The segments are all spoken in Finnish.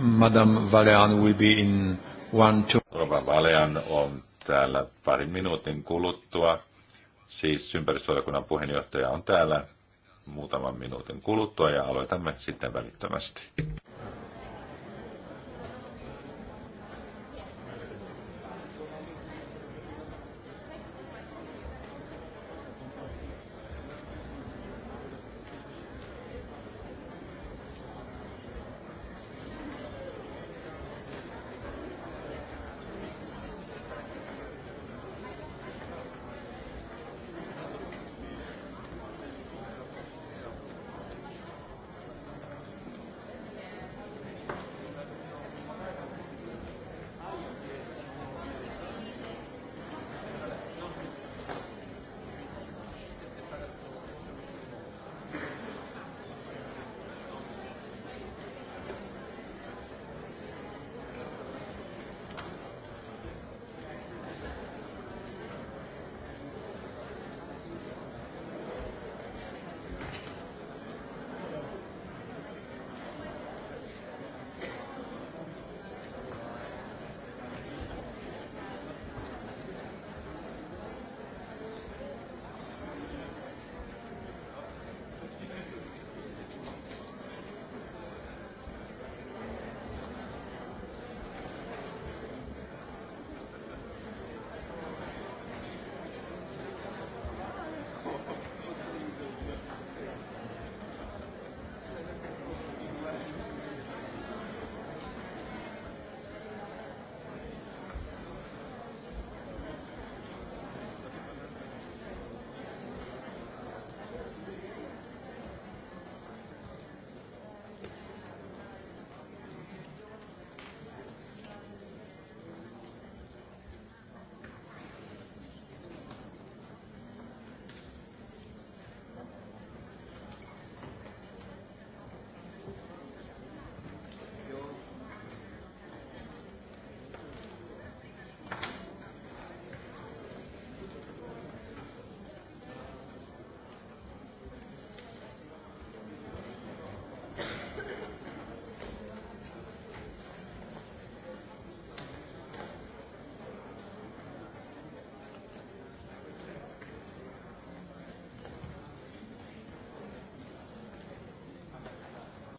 Madame Valean will be in one, two. Rova Valean on täällä parin minuutin kuluttua. Siis ympäristövaliokunnan puheenjohtaja on täällä muutaman minuutin kuluttua ja aloitamme sitten välittömästi.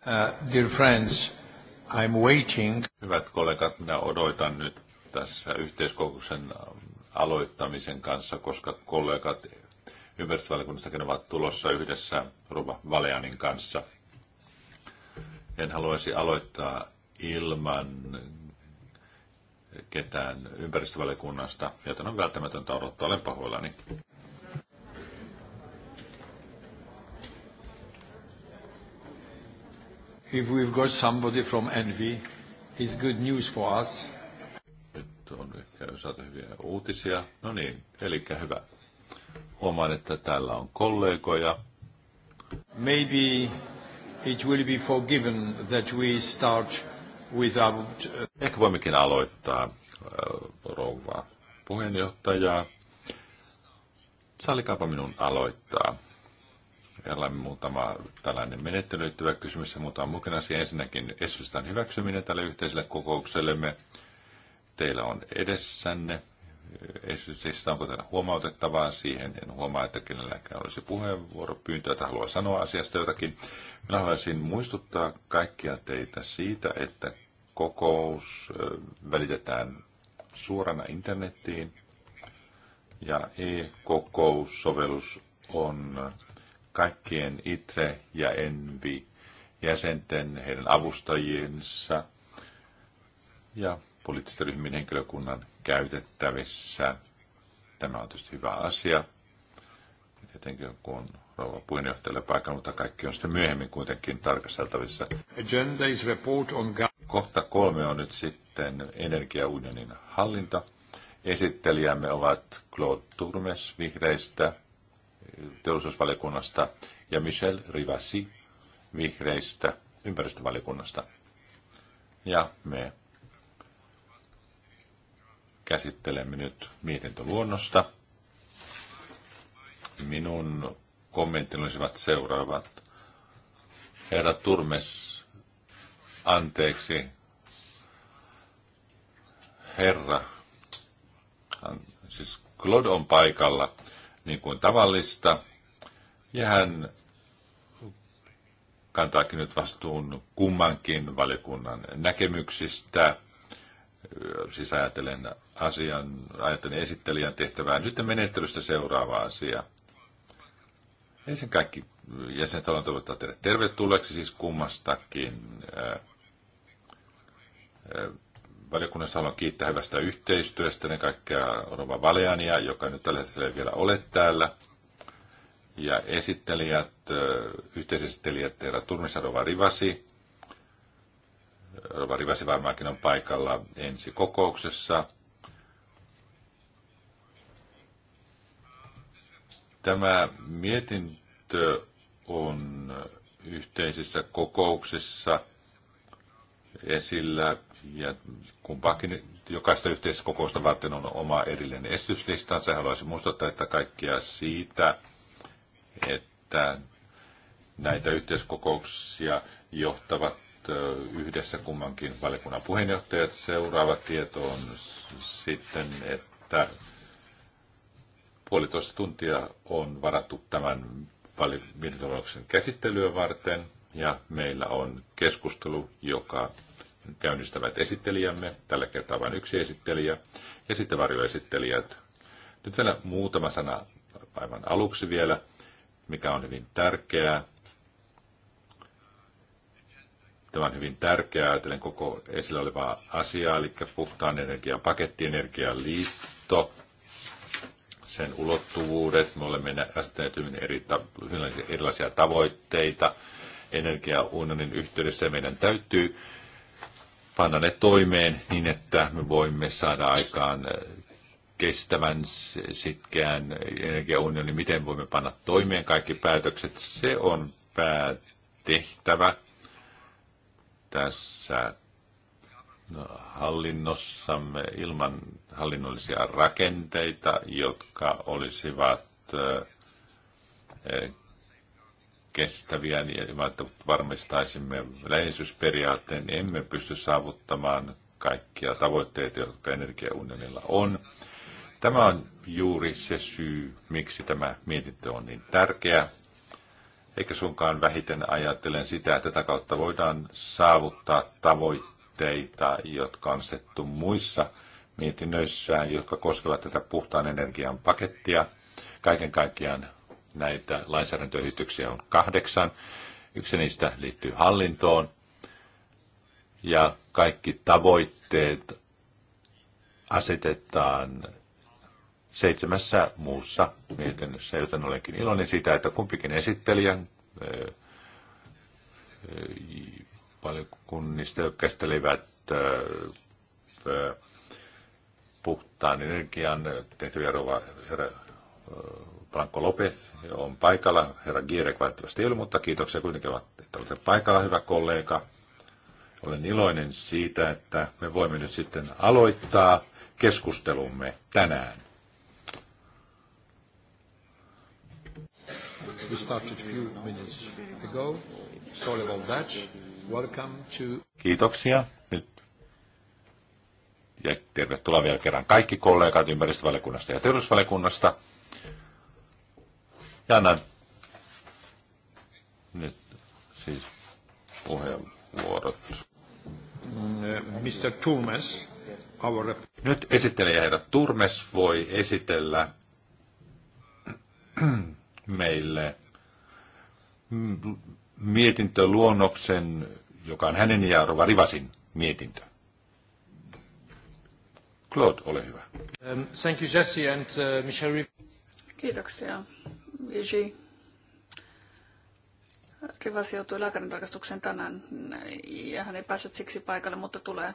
Uh, dear friends, I'm waiting. Hyvät kollegat, minä odotan nyt tässä yhteiskokouksen aloittamisen kanssa, koska kollegat ympäristövaliokunnastakin ovat tulossa yhdessä Ruva Valeanin kanssa. En haluaisi aloittaa ilman ketään ympäristövaliokunnasta, joten on välttämätöntä odottaa. Olen pahoillani. if we've got somebody from Envy, it's good news for us. Nyt on ehkä saatu hyviä uutisia. No niin, eli hyvä. Huomaan, että täällä on kollegoja. Maybe it will be forgiven that we start without... Uh, ehkä voimmekin aloittaa uh, rouva puheenjohtajaa. Sallikaapa minun aloittaa muutama tällainen menettely liittyvä kysymys ja muutama mukana asia. Ensinnäkin Esvistan hyväksyminen tälle yhteiselle kokouksellemme. Teillä on edessänne esityksestä, onko teillä huomautettavaa siihen. En huomaa, että kenelläkään olisi puheenvuoropyyntö, että haluaa sanoa asiasta jotakin. Minä haluaisin muistuttaa kaikkia teitä siitä, että kokous välitetään suorana internettiin ja e-kokoussovellus on kaikkien ITRE ja ENVI jäsenten, heidän avustajiensa ja poliittisten ryhmien henkilökunnan käytettävissä. Tämä on tietysti hyvä asia, etenkin kun rouva puheenjohtajalle paikalla, mutta kaikki on sitten myöhemmin kuitenkin tarkasteltavissa. on... Kohta kolme on nyt sitten energiaunionin hallinta. Esittelijämme ovat Claude Turmes vihreistä, teollisuusvaliokunnasta ja Michel Rivasi vihreistä ympäristövaliokunnasta. Ja me käsittelemme nyt mietintöluonnosta. Minun kommenttini olisivat seuraavat. Herra Turmes, anteeksi. Herra, siis Claude on paikalla niin kuin tavallista. Ja hän kantaakin nyt vastuun kummankin valiokunnan näkemyksistä, siis ajatellen asian, ajatellen esittelijän tehtävää. Nyt menettelystä seuraava asia. Ensin kaikki jäsenet haluan toivottaa teille tervetulleeksi siis kummastakin valiokunnassa haluan kiittää hyvästä yhteistyöstä, ne kaikkea Rova Valeania, joka nyt tällä hetkellä vielä ole täällä, ja esittelijät, yhteisesittelijät Eera Turmissa Rova Rivasi. Rova Rivasi varmaankin on paikalla ensi kokouksessa. Tämä mietintö on yhteisissä kokouksissa esillä ja kumpaakin jokaista yhteiskokousta varten on oma erillinen esityslistansa. Haluaisin muistuttaa, että kaikkia siitä, että näitä yhteiskokouksia johtavat yhdessä kummankin valiokunnan puheenjohtajat seuraavat tietoon sitten, että puolitoista tuntia on varattu tämän mietintöluonnoksen käsittelyä varten ja meillä on keskustelu, joka käynnistävät esittelijämme, tällä kertaa vain yksi esittelijä, ja sitten varjoesittelijät. Nyt vielä muutama sana aivan aluksi vielä, mikä on hyvin tärkeää. Tämä on hyvin tärkeää, ajatellen koko esillä olevaa asiaa, eli puhtaan energian paketti, energian liitto, sen ulottuvuudet. Me olemme asettaneet hyvin eri, erilaisia tavoitteita energiaunionin yhteydessä. Meidän täytyy panna ne toimeen niin, että me voimme saada aikaan äh, kestävän sitkeän energiaunioni, niin miten voimme panna toimeen kaikki päätökset, se on päätehtävä tässä no, hallinnossamme ilman hallinnollisia rakenteita, jotka olisivat äh, kestäviä, niin että varmistaisimme läheisyysperiaatteen, niin emme pysty saavuttamaan kaikkia tavoitteita, jotka energiaunionilla on. Tämä on juuri se syy, miksi tämä mietintö on niin tärkeä, eikä sunkaan vähiten ajattelen sitä, että tätä kautta voidaan saavuttaa tavoitteita, jotka on settu muissa mietinnöissään, jotka koskevat tätä puhtaan energian pakettia. Kaiken kaikkiaan Näitä lainsäädäntöesityksiä on kahdeksan. Yksi niistä liittyy hallintoon. Ja kaikki tavoitteet asetetaan seitsemässä muussa mietinnössä, joten olenkin iloinen siitä, että kumpikin esittelijän valiokunnista, jotka käsittelivät puhtaan energian tehtyjä Blanco Lopez on paikalla. Herra Gierek valitettavasti ei mutta kiitoksia kuitenkin, että olette paikalla, hyvä kollega. Olen iloinen siitä, että me voimme nyt sitten aloittaa keskustelumme tänään. We started few minutes ago. Sorry about that. Welcome to... Kiitoksia. Nyt ja tervetuloa vielä kerran kaikki kollegat ympäristövaliokunnasta ja terveysvaliokunnasta. Ja nyt siis puheenvuorot. Mr. Turmes, our... Nyt esittelijä herra Turmes voi esitellä meille mietintöluonnoksen, joka on hänen ja Rova Rivasin mietintö. Claude, ole hyvä. Um, thank you, Jesse and uh, Michel Riv- Kiitoksia. Yshi Rivas joutui lääkärintarkastukseen tänään ja hän ei päässyt siksi paikalle, mutta tulee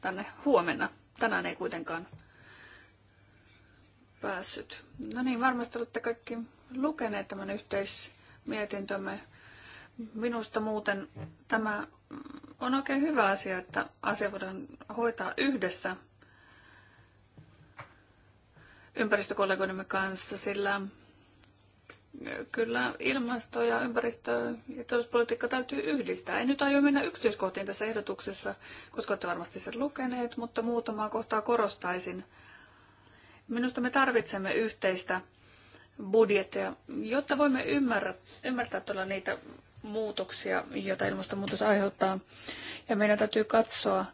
tänne huomenna. Tänään ei kuitenkaan päässyt. No niin, varmasti olette kaikki lukeneet tämän yhteismietintömme. Minusta muuten tämä on oikein hyvä asia, että asia voidaan hoitaa yhdessä ympäristökollegoidemme kanssa, sillä kyllä ilmasto ja ympäristö ja teollisuuspolitiikka täytyy yhdistää. En nyt aio mennä yksityiskohtiin tässä ehdotuksessa, koska olette varmasti sen lukeneet, mutta muutamaa kohtaa korostaisin. Minusta me tarvitsemme yhteistä budjettia, jotta voimme ymmärrä, ymmärtää tuolla niitä muutoksia, joita ilmastonmuutos aiheuttaa. Ja meidän täytyy katsoa,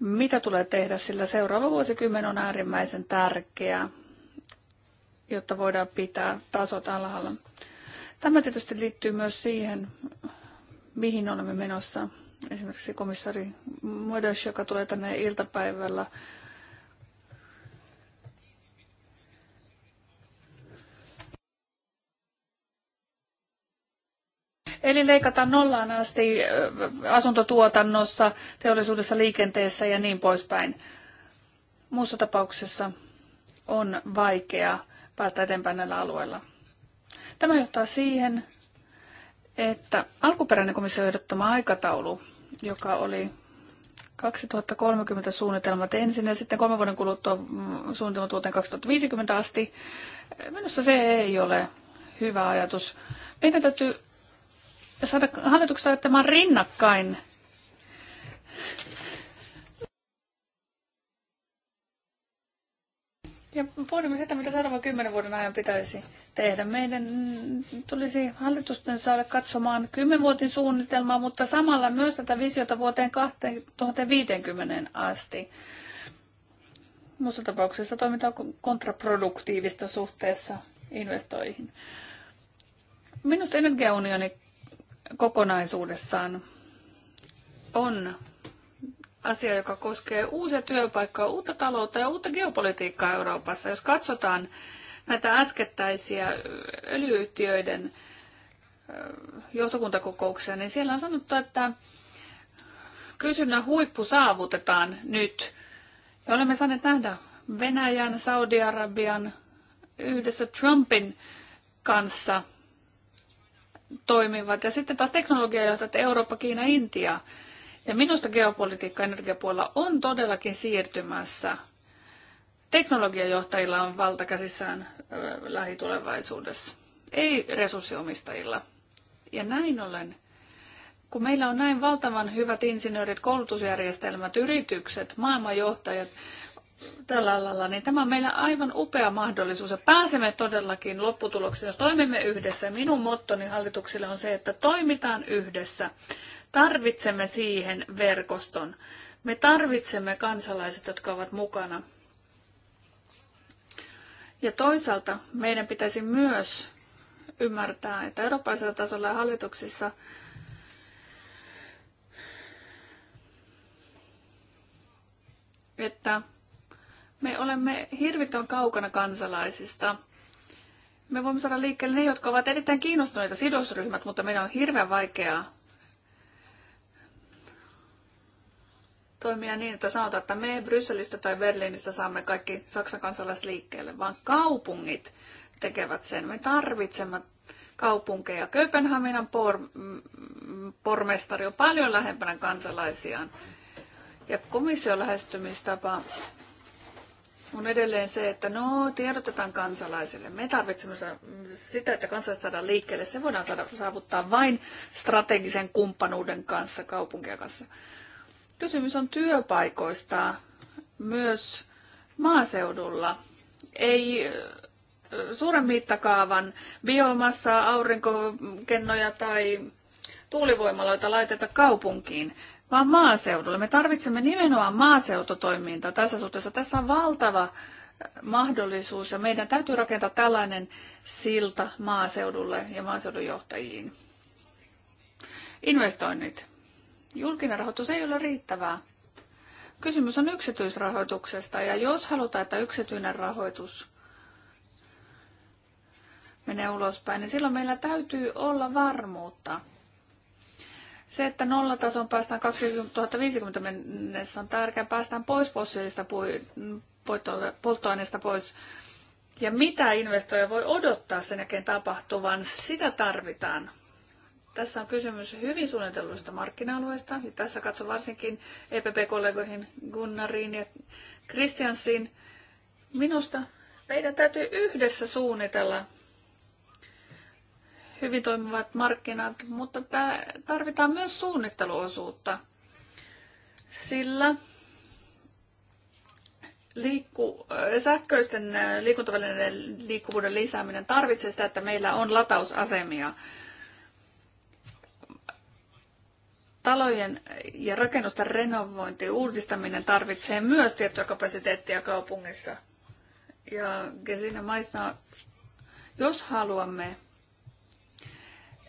mitä tulee tehdä, sillä seuraava vuosikymmen on äärimmäisen tärkeää jotta voidaan pitää tasot alhaalla. Tämä tietysti liittyy myös siihen, mihin olemme menossa. Esimerkiksi komissari Modos, joka tulee tänne iltapäivällä, Eli leikataan nollaan asti äh, asuntotuotannossa, teollisuudessa, liikenteessä ja niin poispäin. Muussa tapauksessa on vaikeaa päästä eteenpäin näillä alueilla. Tämä johtaa siihen, että alkuperäinen komission ehdottama aikataulu, joka oli 2030 suunnitelmat ensin ja sitten kolmen vuoden kuluttua suunnitelmat vuoteen 2050 asti, minusta se ei ole hyvä ajatus. Meidän täytyy saada hallituksesta ajattelemaan rinnakkain Ja pohdimme sitä, mitä seuraavan kymmenen vuoden ajan pitäisi tehdä. Meidän tulisi hallitusten saada katsomaan kymmenvuotin suunnitelmaa, mutta samalla myös tätä visiota vuoteen 2050 asti. Muussa tapauksessa toiminta on kontraproduktiivista suhteessa investoihin. Minusta energiaunioni kokonaisuudessaan on asia, joka koskee uusia työpaikkoja, uutta taloutta ja uutta geopolitiikkaa Euroopassa. Jos katsotaan näitä äskettäisiä öljyyhtiöiden johtokuntakokouksia, niin siellä on sanottu, että kysynnän huippu saavutetaan nyt. Ja olemme saaneet nähdä Venäjän, Saudi-Arabian yhdessä Trumpin kanssa toimivat. Ja sitten taas teknologiajohtajat Eurooppa, Kiina, Intia ja minusta geopolitiikka energiapuolella on todellakin siirtymässä. Teknologiajohtajilla on valta käsissään lähitulevaisuudessa, ei resurssiomistajilla. Ja näin ollen, kun meillä on näin valtavan hyvät insinöörit, koulutusjärjestelmät, yritykset, maailmanjohtajat, tällä alalla, niin tämä on meillä aivan upea mahdollisuus. Ja pääsemme todellakin lopputulokseen, jos toimimme yhdessä. Minun mottoni hallituksille on se, että toimitaan yhdessä. Tarvitsemme siihen verkoston. Me tarvitsemme kansalaiset, jotka ovat mukana. Ja toisaalta meidän pitäisi myös ymmärtää, että eurooppalaisella tasolla ja hallituksissa että me olemme hirvittävän kaukana kansalaisista. Me voimme saada liikkeelle ne, jotka ovat erittäin kiinnostuneita sidosryhmät, mutta meidän on hirveän vaikeaa toimia niin, että sanotaan, että me Brysselistä tai Berliinistä saamme kaikki Saksan kansalaiset liikkeelle, vaan kaupungit tekevät sen. Me tarvitsemme kaupunkeja. Kööpenhaminan por, mm, pormestari on paljon lähempänä kansalaisiaan. Ja komission lähestymistapa on edelleen se, että no, tiedotetaan kansalaisille. Me tarvitsemme sitä, että kansalaiset saadaan liikkeelle. Se voidaan saada, saavuttaa vain strategisen kumppanuuden kanssa, kaupunkien kanssa. Kysymys on työpaikoista myös maaseudulla. Ei suuren mittakaavan biomassaa, aurinkokennoja tai tuulivoimaloita laiteta kaupunkiin, vaan maaseudulle. Me tarvitsemme nimenomaan maaseutotoimintaa tässä suhteessa. Tässä on valtava mahdollisuus ja meidän täytyy rakentaa tällainen silta maaseudulle ja maaseudun johtajiin. Investoinnit. Julkinen rahoitus ei ole riittävää. Kysymys on yksityisrahoituksesta ja jos halutaan, että yksityinen rahoitus menee ulospäin, niin silloin meillä täytyy olla varmuutta. Se, että nollatason päästään 2050 mennessä on tärkeää, päästään pois fossiilista polttoaineista pois. Ja mitä investoija voi odottaa sen jälkeen tapahtuvan, sitä tarvitaan. Tässä on kysymys hyvin suunnitelluista markkina-alueista. Ja tässä katson varsinkin EPP-kollegoihin Gunnariin ja Kristiansiin. Minusta meidän täytyy yhdessä suunnitella hyvin toimivat markkinat, mutta tarvitaan myös suunnitteluosuutta, sillä liikku, sähköisten liikuntavälineiden liikkuvuuden lisääminen tarvitsee sitä, että meillä on latausasemia talojen ja rakennusten renovointi, uudistaminen tarvitsee myös tiettyä kapasiteettia kaupungissa. Ja siinä maissa, jos haluamme,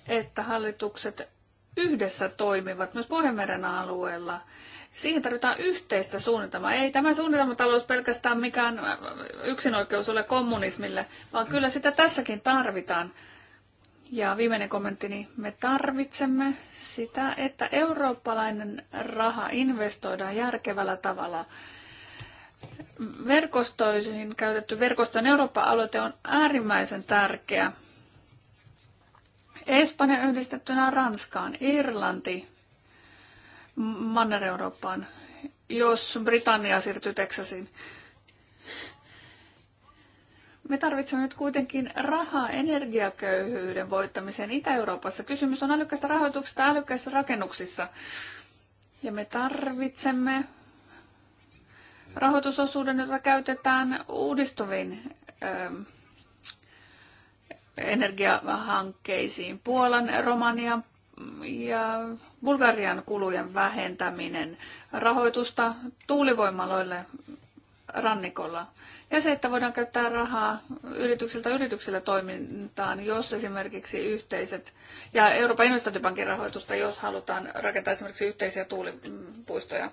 että hallitukset yhdessä toimivat myös Pohjanmeren alueella, siihen tarvitaan yhteistä suunnitelmaa. Ei tämä suunnitelmatalous pelkästään mikään yksinoikeus ole kommunismille, vaan kyllä sitä tässäkin tarvitaan. Ja viimeinen kommentti, niin Me tarvitsemme sitä, että eurooppalainen raha investoidaan järkevällä tavalla. Verkostoihin käytetty verkoston Eurooppa-aloite on äärimmäisen tärkeä. Espanja yhdistettynä Ranskaan, Irlanti, Manner-Eurooppaan, jos Britannia siirtyy Teksasiin. Me tarvitsemme nyt kuitenkin rahaa energiaköyhyyden voittamiseen Itä-Euroopassa. Kysymys on älykkäistä rahoituksesta älykkäissä rakennuksissa. Ja me tarvitsemme rahoitusosuuden, jota käytetään uudistuviin ö, ähm, energiahankkeisiin. Puolan, Romanian ja Bulgarian kulujen vähentäminen, rahoitusta tuulivoimaloille rannikolla. Ja se, että voidaan käyttää rahaa yritykseltä yrityksille toimintaan, jos esimerkiksi yhteiset, ja Euroopan investointipankin rahoitusta, jos halutaan rakentaa esimerkiksi yhteisiä tuulipuistoja.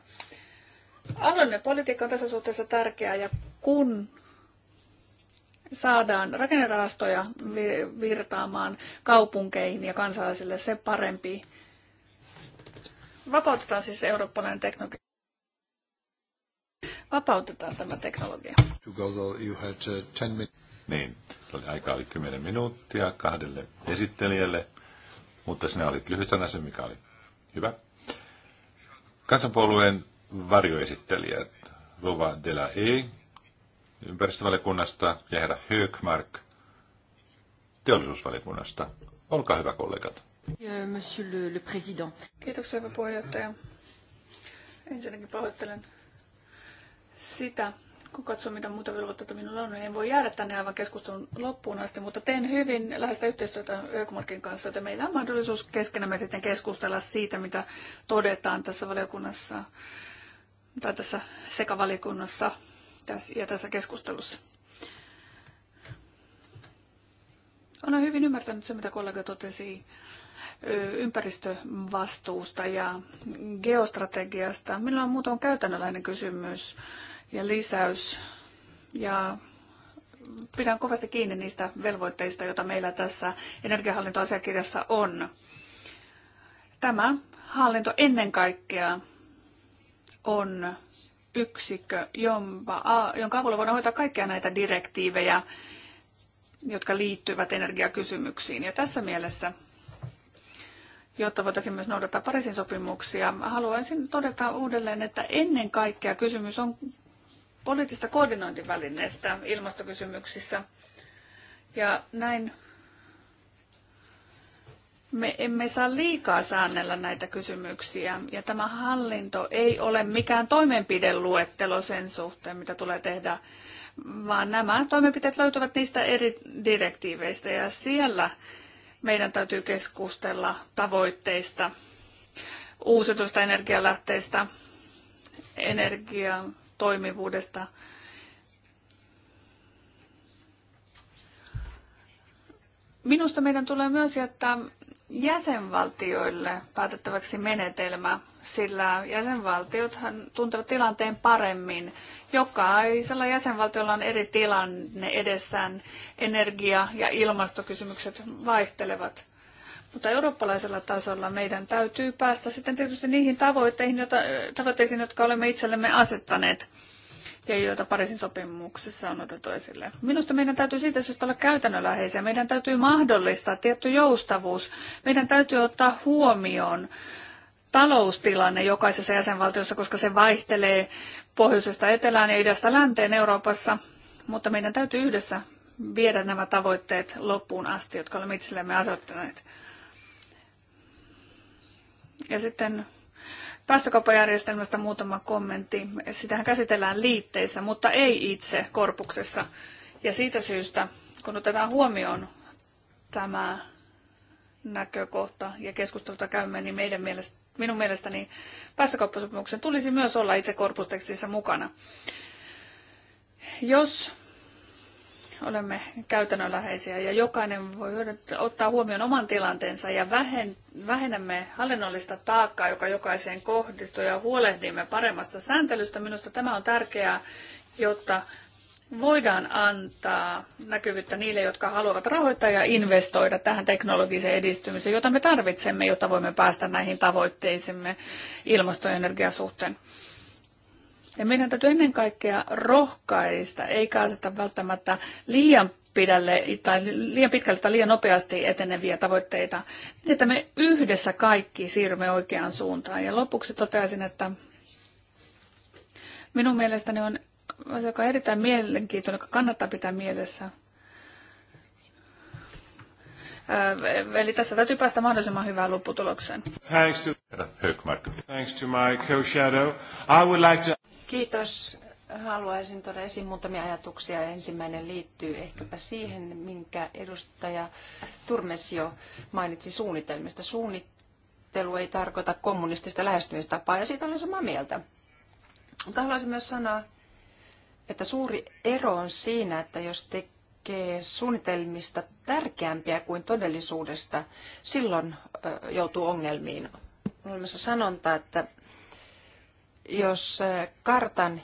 Alueellinen politiikka on tässä suhteessa tärkeää, ja kun saadaan rakennerahastoja virtaamaan kaupunkeihin ja kansalaisille, se parempi. Vapautetaan siis eurooppalainen teknologia vapautetaan tämä teknologia. Uh, niin, oli aika oli 10 minuuttia kahdelle esittelijälle, mutta sinä olit lyhyt se mikä oli hyvä. Kansanpuolueen varjoesittelijät Rova de la E ympäristövaliokunnasta ja herra Högmark teollisuusvaliokunnasta. Olkaa hyvä kollegat. Monsieur le, le Kiitoksia hyvä puheenjohtaja. Ensinnäkin pahoittelen sitä, kun katsoo mitä muuta velvoitteita minulla on, niin en voi jäädä tänne aivan keskustelun loppuun asti, mutta teen hyvin läheistä yhteistyötä Ökomarkin kanssa, joten meillä on mahdollisuus keskenämme sitten keskustella siitä, mitä todetaan tässä valiokunnassa tai tässä sekavaliokunnassa ja tässä keskustelussa. Olen hyvin ymmärtänyt se, mitä kollega totesi ympäristövastuusta ja geostrategiasta. Minulla on muutama käytännönläinen kysymys ja lisäys. Ja pidän kovasti kiinni niistä velvoitteista, joita meillä tässä energiahallintoasiakirjassa on. Tämä hallinto ennen kaikkea on yksikkö, jonka avulla voidaan hoitaa kaikkia näitä direktiivejä, jotka liittyvät energiakysymyksiin. Ja tässä mielessä, jotta voitaisiin myös noudattaa Pariisin sopimuksia, haluaisin todeta uudelleen, että ennen kaikkea kysymys on poliittista koordinointivälineestä ilmastokysymyksissä. Ja näin me emme saa liikaa säännellä näitä kysymyksiä ja tämä hallinto ei ole mikään toimenpideluettelo sen suhteen, mitä tulee tehdä, vaan nämä toimenpiteet löytyvät niistä eri direktiiveistä ja siellä meidän täytyy keskustella tavoitteista, uusiutusta energialähteistä, energian toimivuudesta. Minusta meidän tulee myös jättää jäsenvaltioille päätettäväksi menetelmä, sillä jäsenvaltiothan tuntevat tilanteen paremmin. Jokaisella jäsenvaltiolla on eri tilanne edessään. Energia- ja ilmastokysymykset vaihtelevat. Mutta eurooppalaisella tasolla meidän täytyy päästä sitten tietysti niihin tavoitteihin, joita, tavoitteisiin, jotka olemme itsellemme asettaneet ja joita Pariisin sopimuksessa on otettu esille. Minusta meidän täytyy siitä syystä olla käytännönläheisiä. Meidän täytyy mahdollistaa tietty joustavuus. Meidän täytyy ottaa huomioon taloustilanne jokaisessa jäsenvaltiossa, koska se vaihtelee pohjoisesta etelään ja idästä länteen Euroopassa. Mutta meidän täytyy yhdessä viedä nämä tavoitteet loppuun asti, jotka olemme itsellemme asettaneet. Ja sitten päästökauppajärjestelmästä muutama kommentti. Sitähän käsitellään liitteissä, mutta ei itse korpuksessa. Ja siitä syystä, kun otetaan huomioon tämä näkökohta ja keskustelua käymme, niin meidän mielestä, minun mielestäni päästökauppasopimuksen tulisi myös olla itse korpustekstissä mukana. Jos olemme käytännönläheisiä ja jokainen voi ottaa huomioon oman tilanteensa ja vähennämme hallinnollista taakkaa, joka jokaiseen kohdistuu ja huolehdimme paremmasta sääntelystä. Minusta tämä on tärkeää, jotta voidaan antaa näkyvyyttä niille, jotka haluavat rahoittaa ja investoida tähän teknologiseen edistymiseen, jota me tarvitsemme, jotta voimme päästä näihin tavoitteisimme ilmasto- ja energiasuhteen. suhteen. Ja meidän täytyy ennen kaikkea rohkaista, eikä aseta välttämättä liian pidälle tai liian pitkälle tai liian nopeasti eteneviä tavoitteita, niin että me yhdessä kaikki siirrymme oikeaan suuntaan. Ja lopuksi toteaisin, että minun mielestäni on asia, joka on erittäin mielenkiintoinen, joka kannattaa pitää mielessä. Äh, eli tässä täytyy päästä mahdollisimman hyvään lopputulokseen. Thanks to, Thanks to my co-shadow. I would like to... Kiitos. Haluaisin tuoda esiin muutamia ajatuksia. Ensimmäinen liittyy ehkäpä siihen, minkä edustaja Turmes jo mainitsi suunnitelmista. Suunnittelu ei tarkoita kommunistista lähestymistapaa, ja siitä olen samaa mieltä. Mutta haluaisin myös sanoa, että suuri ero on siinä, että jos tekee suunnitelmista tärkeämpiä kuin todellisuudesta, silloin joutuu ongelmiin. On olemassa sanonta, että jos eh, kartan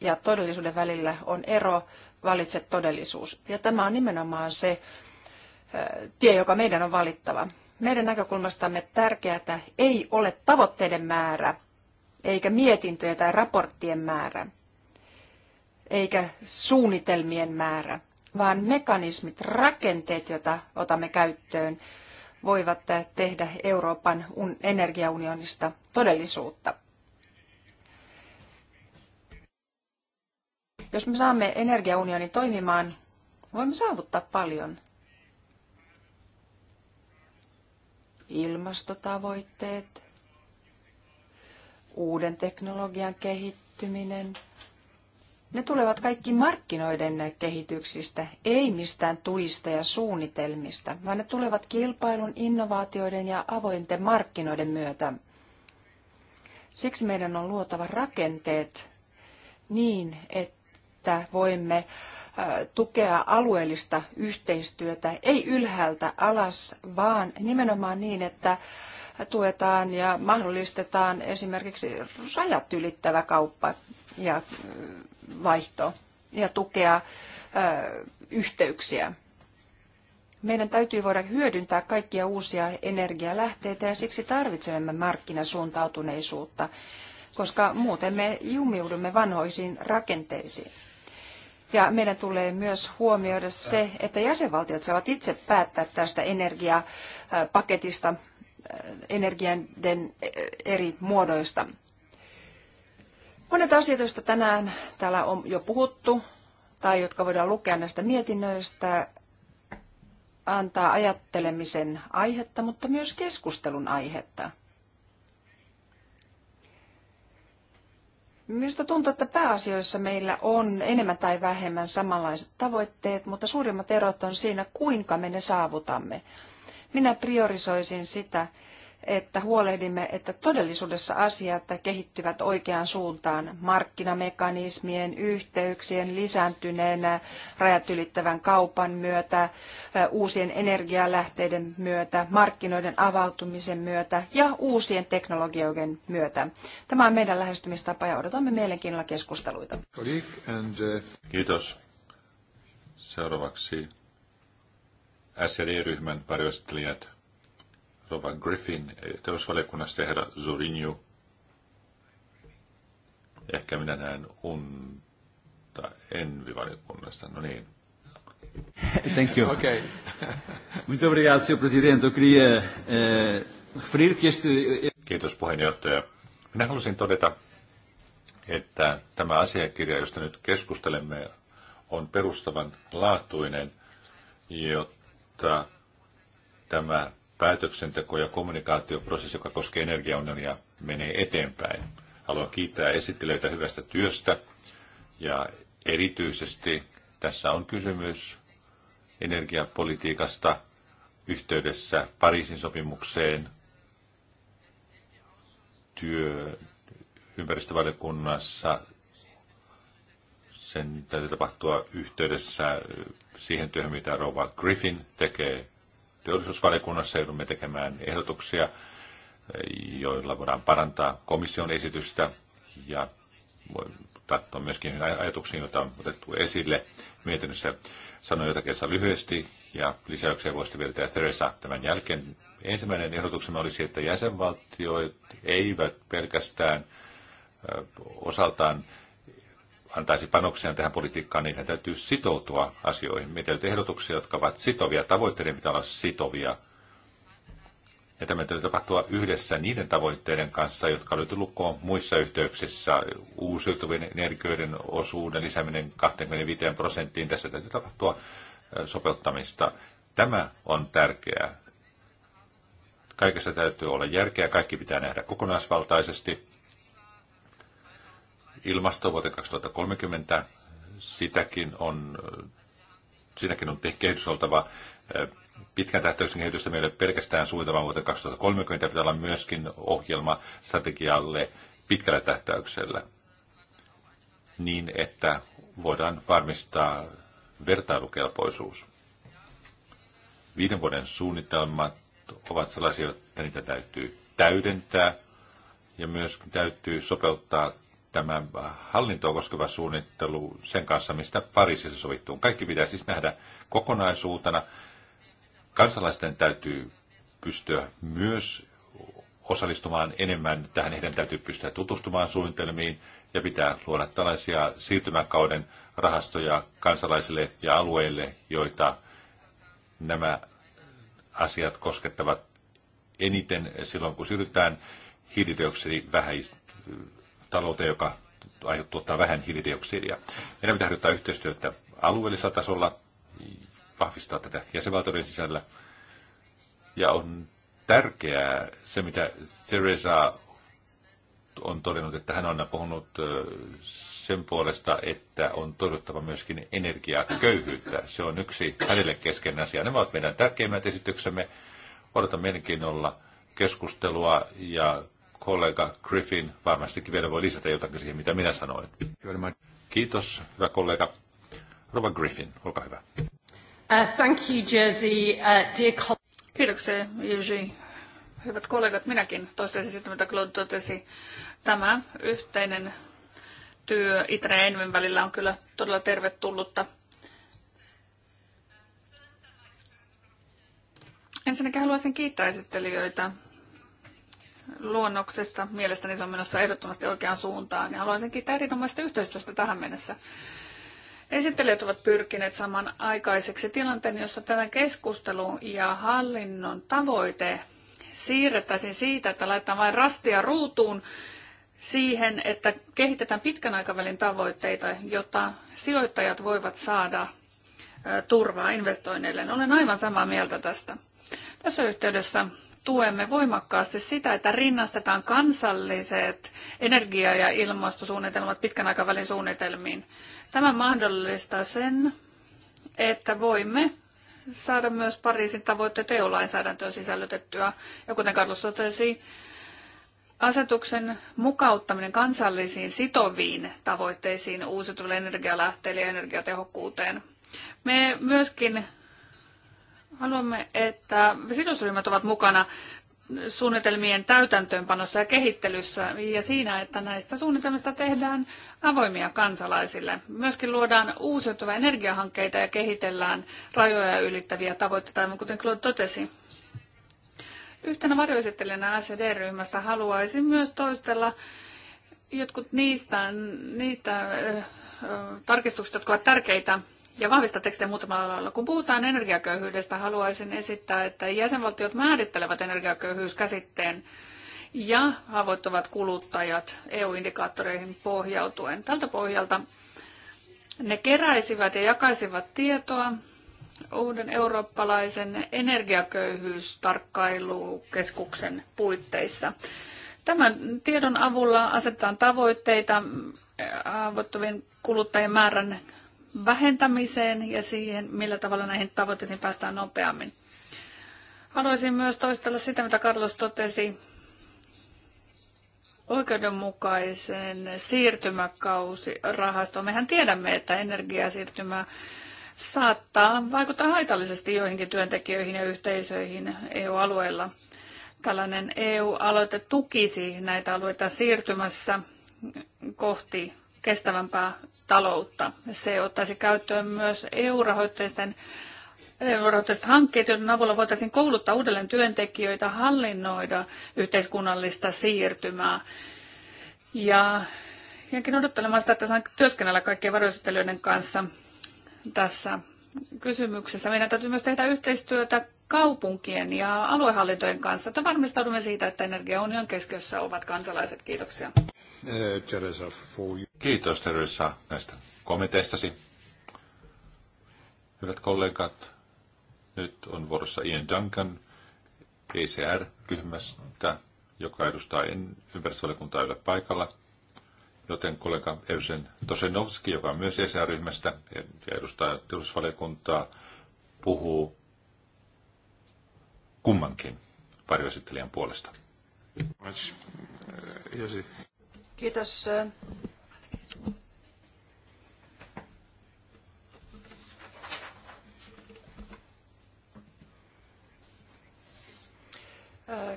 ja todellisuuden välillä on ero, valitse todellisuus. Ja tämä on nimenomaan se eh, tie, joka meidän on valittava. Meidän näkökulmastamme tärkeää ei ole tavoitteiden määrä, eikä mietintöjen tai raporttien määrä, eikä suunnitelmien määrä, vaan mekanismit, rakenteet, joita otamme käyttöön, voivat eh, tehdä Euroopan energiaunionista todellisuutta. Jos me saamme energiaunionin toimimaan, voimme saavuttaa paljon. Ilmastotavoitteet, uuden teknologian kehittyminen, ne tulevat kaikki markkinoiden kehityksistä, ei mistään tuista ja suunnitelmista, vaan ne tulevat kilpailun, innovaatioiden ja avointen markkinoiden myötä. Siksi meidän on luotava rakenteet niin, että että voimme tukea alueellista yhteistyötä, ei ylhäältä alas, vaan nimenomaan niin, että tuetaan ja mahdollistetaan esimerkiksi rajat ylittävä kauppa ja vaihto ja tukea yhteyksiä. Meidän täytyy voida hyödyntää kaikkia uusia energialähteitä ja siksi tarvitsemme markkinasuuntautuneisuutta, koska muuten me jumiudumme vanhoisiin rakenteisiin. Ja meidän tulee myös huomioida se, että jäsenvaltiot saavat itse päättää tästä energiapaketista, äh, energian eri muodoista. Monet asiat, joista tänään täällä on jo puhuttu, tai jotka voidaan lukea näistä mietinnöistä, antaa ajattelemisen aihetta, mutta myös keskustelun aihetta. Minusta tuntuu, että pääasioissa meillä on enemmän tai vähemmän samanlaiset tavoitteet, mutta suurimmat erot on siinä, kuinka me ne saavutamme. Minä priorisoisin sitä, että huolehdimme, että todellisuudessa asiat kehittyvät oikeaan suuntaan markkinamekanismien, yhteyksien, lisääntyneen rajat ylittävän kaupan myötä, uusien energialähteiden myötä, markkinoiden avautumisen myötä ja uusien teknologioiden myötä. Tämä on meidän lähestymistapa ja odotamme mielenkiinnolla keskusteluita. Uh, Kiitos. Seuraavaksi SRI-ryhmän varjostelijat Rova Griffin teosvaliokunnasta ja herra Zorinju. Ehkä minä näen unta envivaliokunnasta. No niin. Thank you. Okay. Muito obrigado, senhor presidente. Eu queria eh, referir que este... Kiitos puheenjohtaja. Minä halusin todeta, että tämä asiakirja, josta nyt keskustelemme, on perustavan laatuinen, jotta tämä päätöksenteko- ja kommunikaatioprosessi, joka koskee energiaunionia, menee eteenpäin. Haluan kiittää esittelijöitä hyvästä työstä ja erityisesti tässä on kysymys energiapolitiikasta yhteydessä Pariisin sopimukseen, työ ympäristövaliokunnassa, sen täytyy tapahtua yhteydessä siihen työhön, mitä Rova Griffin tekee teollisuusvaliokunnassa joudumme tekemään ehdotuksia, joilla voidaan parantaa komission esitystä ja katsoa myöskin ajatuksiin, joita on otettu esille mietinnössä. Sanoin jotakin lyhyesti ja lisäyksiä voisi vielä tehdä Theresa tämän jälkeen. Ensimmäinen ehdotuksemme olisi, että jäsenvaltiot eivät pelkästään osaltaan antaisi panoksia tähän politiikkaan, niin täytyy sitoutua asioihin. Meidän täytyy ehdotuksia, jotka ovat sitovia. Tavoitteiden pitää olla sitovia. Ja tämä täytyy tapahtua yhdessä niiden tavoitteiden kanssa, jotka löytyy lukkoon muissa yhteyksissä. Uusiutuvien energioiden osuuden lisääminen 25 prosenttiin. Tässä täytyy tapahtua sopeuttamista. Tämä on tärkeää. Kaikessa täytyy olla järkeä, kaikki pitää nähdä kokonaisvaltaisesti ilmasto vuoteen 2030. Sitäkin on, siinäkin on kehitys oltava pitkän tähtäyksen kehitystä meille pelkästään suunnitelma vuoteen 2030. Pitää olla myöskin ohjelma strategialle pitkällä tähtäyksellä niin, että voidaan varmistaa vertailukelpoisuus. Viiden vuoden suunnitelmat ovat sellaisia, että niitä täytyy täydentää ja myös täytyy sopeuttaa tämä hallintoa koskeva suunnittelu sen kanssa, mistä Pariisissa sovittuun. Kaikki pitää siis nähdä kokonaisuutena. Kansalaisten täytyy pystyä myös osallistumaan enemmän tähän, heidän täytyy pystyä tutustumaan suunnitelmiin ja pitää luoda tällaisia siirtymäkauden rahastoja kansalaisille ja alueille, joita nämä asiat koskettavat eniten silloin, kun siirrytään hiilidioksidin talouteen, joka tuottaa vähän hiilidioksidia. Meidän pitää harjoittaa yhteistyötä alueellisella tasolla, vahvistaa tätä jäsenvaltioiden sisällä. Ja on tärkeää se, mitä Theresa on todennut, että hän on puhunut sen puolesta, että on todettava myöskin energiaköyhyyttä. Se on yksi hänelle keskeinen asia. Nämä ovat meidän tärkeimmät esityksemme. Odotan mielenkiinnolla keskustelua ja kollega Griffin varmastikin vielä voi lisätä jotakin siihen, mitä minä sanoin. Kiitos, hyvä kollega. Rova Griffin, olkaa hyvä. Uh, thank you, Jersey. Uh, dear Kiitoksia, Jersey. Hyvät kollegat, minäkin toistaisin sitä, mitä Claude totesi. Tämä yhteinen työ Itre ja Envin välillä on kyllä todella tervetullutta. Ensinnäkin haluaisin kiittää esittelijöitä luonnoksesta. Mielestäni se on menossa ehdottomasti oikeaan suuntaan ja haluaisin kiittää erinomaista yhteistyöstä tähän mennessä. Esittelijät ovat pyrkineet saman aikaiseksi tilanteen, jossa tämä keskustelu ja hallinnon tavoite siirrettäisiin siitä, että laitetaan vain rastia ruutuun siihen, että kehitetään pitkän aikavälin tavoitteita, jotta sijoittajat voivat saada turvaa investoinneilleen. Olen aivan samaa mieltä tästä. Tässä yhteydessä tuemme voimakkaasti sitä, että rinnastetaan kansalliset energia- ja ilmastosuunnitelmat pitkän aikavälin suunnitelmiin. Tämä mahdollistaa sen, että voimme saada myös Pariisin tavoitteet EU-lainsäädäntöön sisällytettyä. Ja kuten Carlos totesi, asetuksen mukauttaminen kansallisiin sitoviin tavoitteisiin uusiutuville energialähteille ja energiatehokkuuteen. Me myöskin Haluamme, että sidosryhmät ovat mukana suunnitelmien täytäntöönpanossa ja kehittelyssä ja siinä, että näistä suunnitelmista tehdään avoimia kansalaisille. Myöskin luodaan uusiutuvia energiahankkeita ja kehitellään rajoja ylittäviä tavoitteita, aivan kuten Claude totesi. Yhtenä varjoesittelijänä acd ryhmästä haluaisin myös toistella jotkut niistä, niistä tarkistuksista, jotka ovat tärkeitä ja vahvistaa tekstiä muutamalla lailla. Kun puhutaan energiaköyhyydestä, haluaisin esittää, että jäsenvaltiot määrittelevät energiaköyhyyskäsitteen ja haavoittuvat kuluttajat EU-indikaattoreihin pohjautuen. Tältä pohjalta ne keräisivät ja jakaisivat tietoa uuden eurooppalaisen energiaköyhyystarkkailukeskuksen puitteissa. Tämän tiedon avulla asetetaan tavoitteita haavoittuvien kuluttajien määrän vähentämiseen ja siihen, millä tavalla näihin tavoitteisiin päästään nopeammin. Haluaisin myös toistella sitä, mitä Carlos totesi oikeudenmukaisen siirtymäkausirahastoon. Mehän tiedämme, että energiasiirtymä saattaa vaikuttaa haitallisesti joihinkin työntekijöihin ja yhteisöihin EU-alueilla. Tällainen EU-aloite tukisi näitä alueita siirtymässä kohti kestävämpää taloutta. Se ottaisi käyttöön myös EU-rahoitteisten rahoitteiset hankkeet, joiden avulla voitaisiin kouluttaa uudelleen työntekijöitä, hallinnoida yhteiskunnallista siirtymää. Ja jäänkin odottelemaan sitä, että saan työskennellä kaikkien varjoesittelyiden kanssa tässä kysymyksessä. Meidän täytyy myös tehdä yhteistyötä kaupunkien ja aluehallintojen kanssa, että varmistaudumme siitä, että energiaunion keskiössä ovat kansalaiset. Kiitoksia. Eh, Kiitos Teresa näistä kommenteistasi. Hyvät kollegat, nyt on vuorossa Ian Duncan ECR-ryhmästä, joka edustaa ympäristövaliokuntaa yllä paikalla. Joten kollega Evsen Tosenovski, joka on myös ECR-ryhmästä ja edustaa teollisuusvaliokuntaa, puhuu kummankin varjoesittelijän puolesta. Kiitos.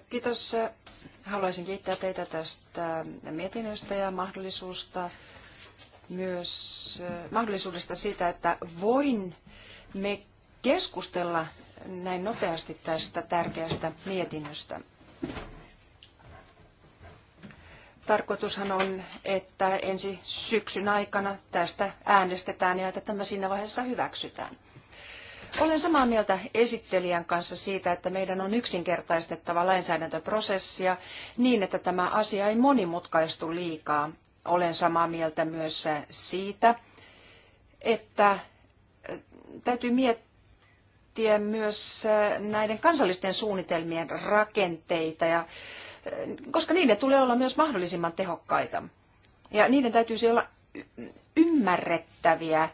Kiitos. Haluaisin kiittää teitä tästä mietinnöstä ja mahdollisuudesta myös mahdollisuudesta siitä, että voin me keskustella näin nopeasti tästä tärkeästä mietinnöstä. Tarkoitushan on, että ensi syksyn aikana tästä äänestetään ja että tämä siinä vaiheessa hyväksytään. Olen samaa mieltä esittelijän kanssa siitä, että meidän on yksinkertaistettava lainsäädäntöprosessia niin, että tämä asia ei monimutkaistu liikaa. Olen samaa mieltä myös siitä, että täytyy miettiä, miettiä myös eh, näiden kansallisten suunnitelmien rakenteita, ja, eh, koska niiden tulee olla myös mahdollisimman tehokkaita. Ja niiden täytyisi olla ymmärrettäviä eh,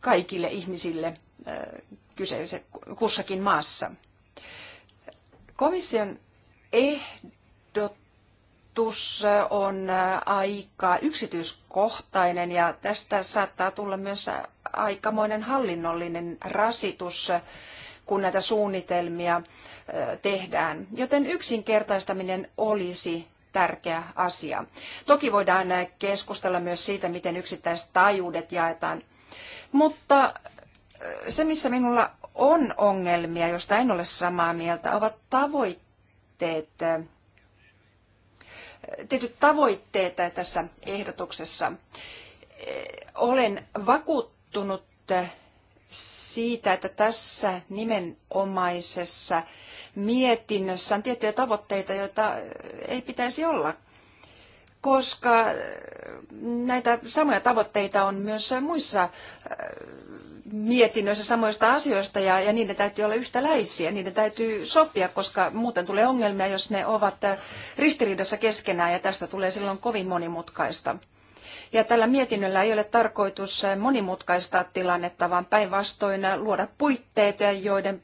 kaikille ihmisille kyseessä kussakin maassa. Komission ehdotus on aika yksityiskohtainen ja tästä saattaa tulla myös aikamoinen hallinnollinen rasitus, kun näitä suunnitelmia tehdään. Joten yksinkertaistaminen olisi tärkeä asia. Toki voidaan keskustella myös siitä, miten yksittäiset taajuudet jaetaan. Mutta se, missä minulla on ongelmia, josta en ole samaa mieltä, ovat tavoitteet, tietyt tavoitteet tässä ehdotuksessa. Olen vakuuttunut, vakuuttunut siitä, että tässä nimenomaisessa mietinnössä on tiettyjä tavoitteita, joita ei pitäisi olla, koska näitä samoja tavoitteita on myös muissa äh, mietinnöissä samoista asioista ja, ja niiden täytyy olla yhtäläisiä. Niiden täytyy sopia, koska muuten tulee ongelmia, jos ne ovat äh, ristiriidassa keskenään ja tästä tulee silloin kovin monimutkaista. Ja tällä mietinnöllä ei ole tarkoitus eh, monimutkaistaa tilannetta, vaan päinvastoin eh, luoda puitteet, eh, joiden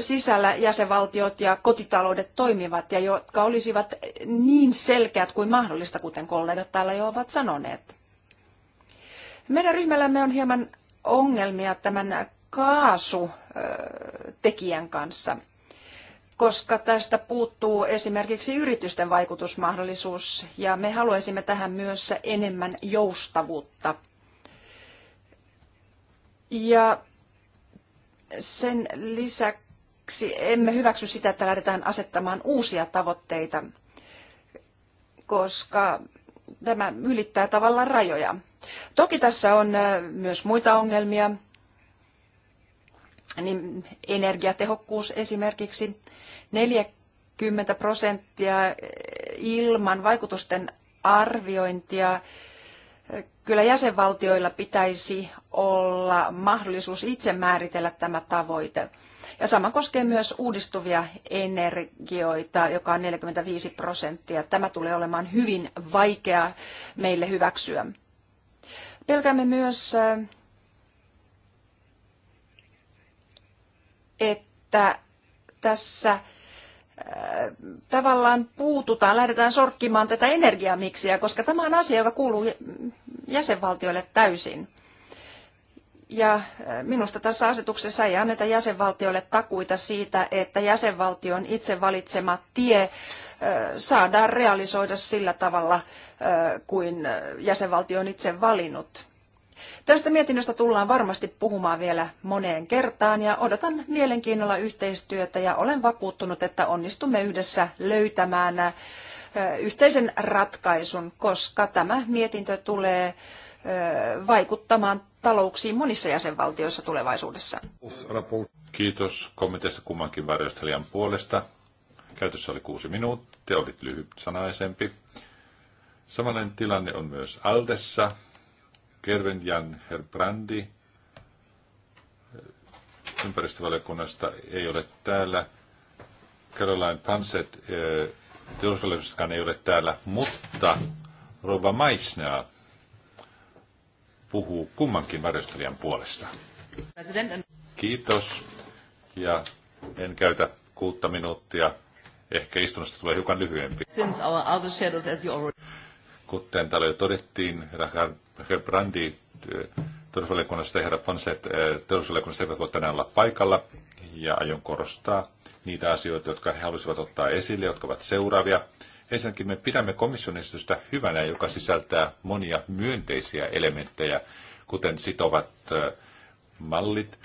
sisällä jäsenvaltiot ja kotitaloudet toimivat ja jotka olisivat niin selkeät kuin mahdollista, kuten kollegat täällä jo ovat sanoneet. Meidän ryhmällämme on hieman ongelmia tämän kaasutekijän kanssa koska tästä puuttuu esimerkiksi yritysten vaikutusmahdollisuus ja me haluaisimme tähän myös enemmän joustavuutta. Ja sen lisäksi emme hyväksy sitä, että lähdetään asettamaan uusia tavoitteita, koska tämä ylittää tavallaan rajoja. Toki tässä on myös muita ongelmia, niin energiatehokkuus esimerkiksi 40 prosenttia ilman vaikutusten arviointia. Kyllä jäsenvaltioilla pitäisi olla mahdollisuus itse määritellä tämä tavoite. Ja sama koskee myös uudistuvia energioita, joka on 45 prosenttia. Tämä tulee olemaan hyvin vaikea meille hyväksyä. Pelkäämme myös että tässä äh, tavallaan puututaan, lähdetään sorkkimaan tätä energiamiksiä, koska tämä on asia, joka kuuluu jäsenvaltioille täysin. Ja äh, minusta tässä asetuksessa ei anneta jäsenvaltioille takuita siitä, että jäsenvaltion itse valitsema tie äh, saadaan realisoida sillä tavalla kuin jäsenvaltio on itse valinnut. Tästä mietinnöstä tullaan varmasti puhumaan vielä moneen kertaan ja odotan mielenkiinnolla yhteistyötä ja olen vakuuttunut, että onnistumme yhdessä löytämään yhteisen ratkaisun, koska tämä mietintö tulee vaikuttamaan talouksiin monissa jäsenvaltioissa tulevaisuudessa. Kiitos komiteassa kummankin varjostelijan puolesta. Käytössä oli kuusi minuuttia, olit lyhyt sanaisempi. Samanlainen tilanne on myös Aldessa. Kerven Jan Herbrandi ympäristövaliokunnasta ei ole täällä. Caroline Panset eh, teollisuusvaliokunnastakaan ei ole täällä, mutta Roba Maisnea puhuu kummankin varjostelijan puolesta. Kiitos ja en käytä kuutta minuuttia. Ehkä istunnosta tulee hiukan lyhyempi. Kuten täällä jo todettiin, herra Brandi eh, terveysvaliokunnasta ja herra Ponset eh, terveysvaliokunnasta eivät voi tänään olla paikalla ja aion korostaa niitä asioita, jotka he halusivat ottaa esille, jotka ovat seuraavia. Ensinnäkin me pidämme komission esitystä hyvänä, joka sisältää monia myönteisiä elementtejä, kuten sitovat mallit.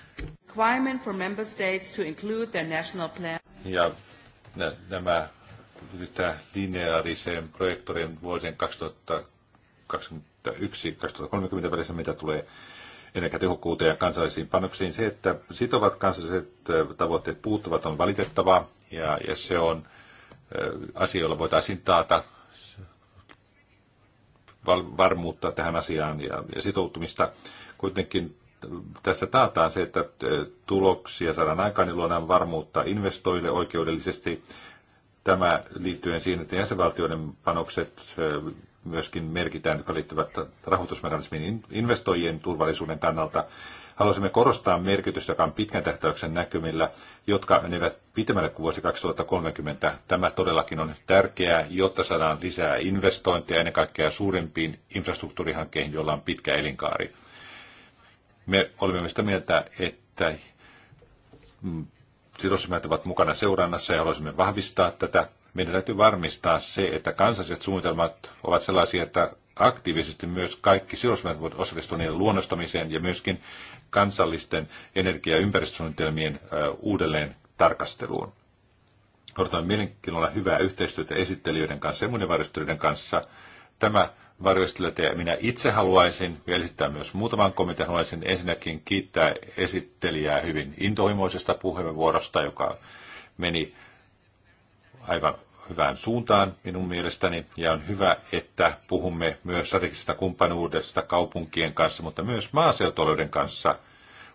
Ja nämä ryhtyä lineaariseen projektoriin vuosien 2021-2030 välissä, mitä tulee energiatehokkuuteen ja kansallisiin panoksiin. Se, että sitovat kansalliset tavoitteet puuttuvat, on valitettavaa ja, ja se on asia, jolla voitaisiin taata varmuutta tähän asiaan ja, ja sitoutumista. Kuitenkin tässä taataan se, että tuloksia saadaan aikaan, niin luodaan varmuutta investoille oikeudellisesti Tämä liittyen siihen, että jäsenvaltioiden panokset myöskin merkitään, jotka liittyvät rahoitusmekanismin investoijien turvallisuuden kannalta. Haluaisimme korostaa merkitystä, joka on pitkän tähtäyksen näkymillä, jotka menevät pitemmälle kuin vuosi 2030. Tämä todellakin on tärkeää, jotta saadaan lisää investointeja ennen kaikkea suurempiin infrastruktuurihankkeihin, joilla on pitkä elinkaari. Me olemme myös sitä mieltä, että mm, sidosryhmät ovat mukana seurannassa ja haluaisimme vahvistaa tätä. Meidän täytyy varmistaa se, että kansalliset suunnitelmat ovat sellaisia, että aktiivisesti myös kaikki sidosryhmät voivat osallistua niiden luonnostamiseen ja myöskin kansallisten energia- ja ympäristösuunnitelmien uudelleen tarkasteluun. Odotamme mielenkiinnolla hyvää yhteistyötä esittelijöiden kanssa ja muiden kanssa. Tämä varjostelijoita ja minä itse haluaisin vielä esittää myös muutaman komitean. Haluaisin ensinnäkin kiittää esittelijää hyvin intohimoisesta puheenvuorosta, joka meni aivan hyvään suuntaan minun mielestäni. Ja on hyvä, että puhumme myös strategisesta kumppanuudesta kaupunkien kanssa, mutta myös maaseutolouden kanssa.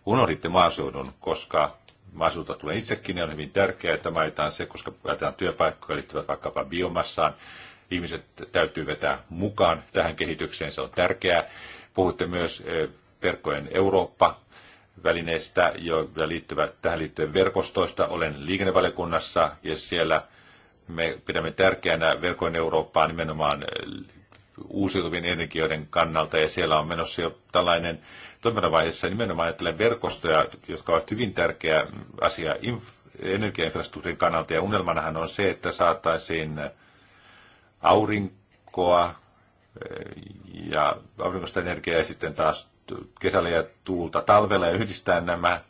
Unohditte maaseudun, koska maaseudulta tulee itsekin ja on hyvin tärkeää, että mainitaan se, koska ajatellaan työpaikkoja liittyvät vaikkapa biomassaan ihmiset täytyy vetää mukaan tähän kehitykseen, se on tärkeää. Puhutte myös eh, verkkojen Eurooppa välineistä, ja liittyvät, tähän liittyen verkostoista. Olen liikennevaliokunnassa ja siellä me pidämme tärkeänä verkkojen Eurooppaa nimenomaan eh, uusiutuvien energioiden kannalta, ja siellä on menossa jo tällainen toimintavaiheessa nimenomaan ajattelen verkostoja, jotka ovat hyvin tärkeä asia inf- energiainfrastruktuurin kannalta, ja unelmanahan on se, että saataisiin aurinkoa eh, ja aurinkoista energiaa ja sitten taas kesällä ja tuulta talvella ja yhdistää nämä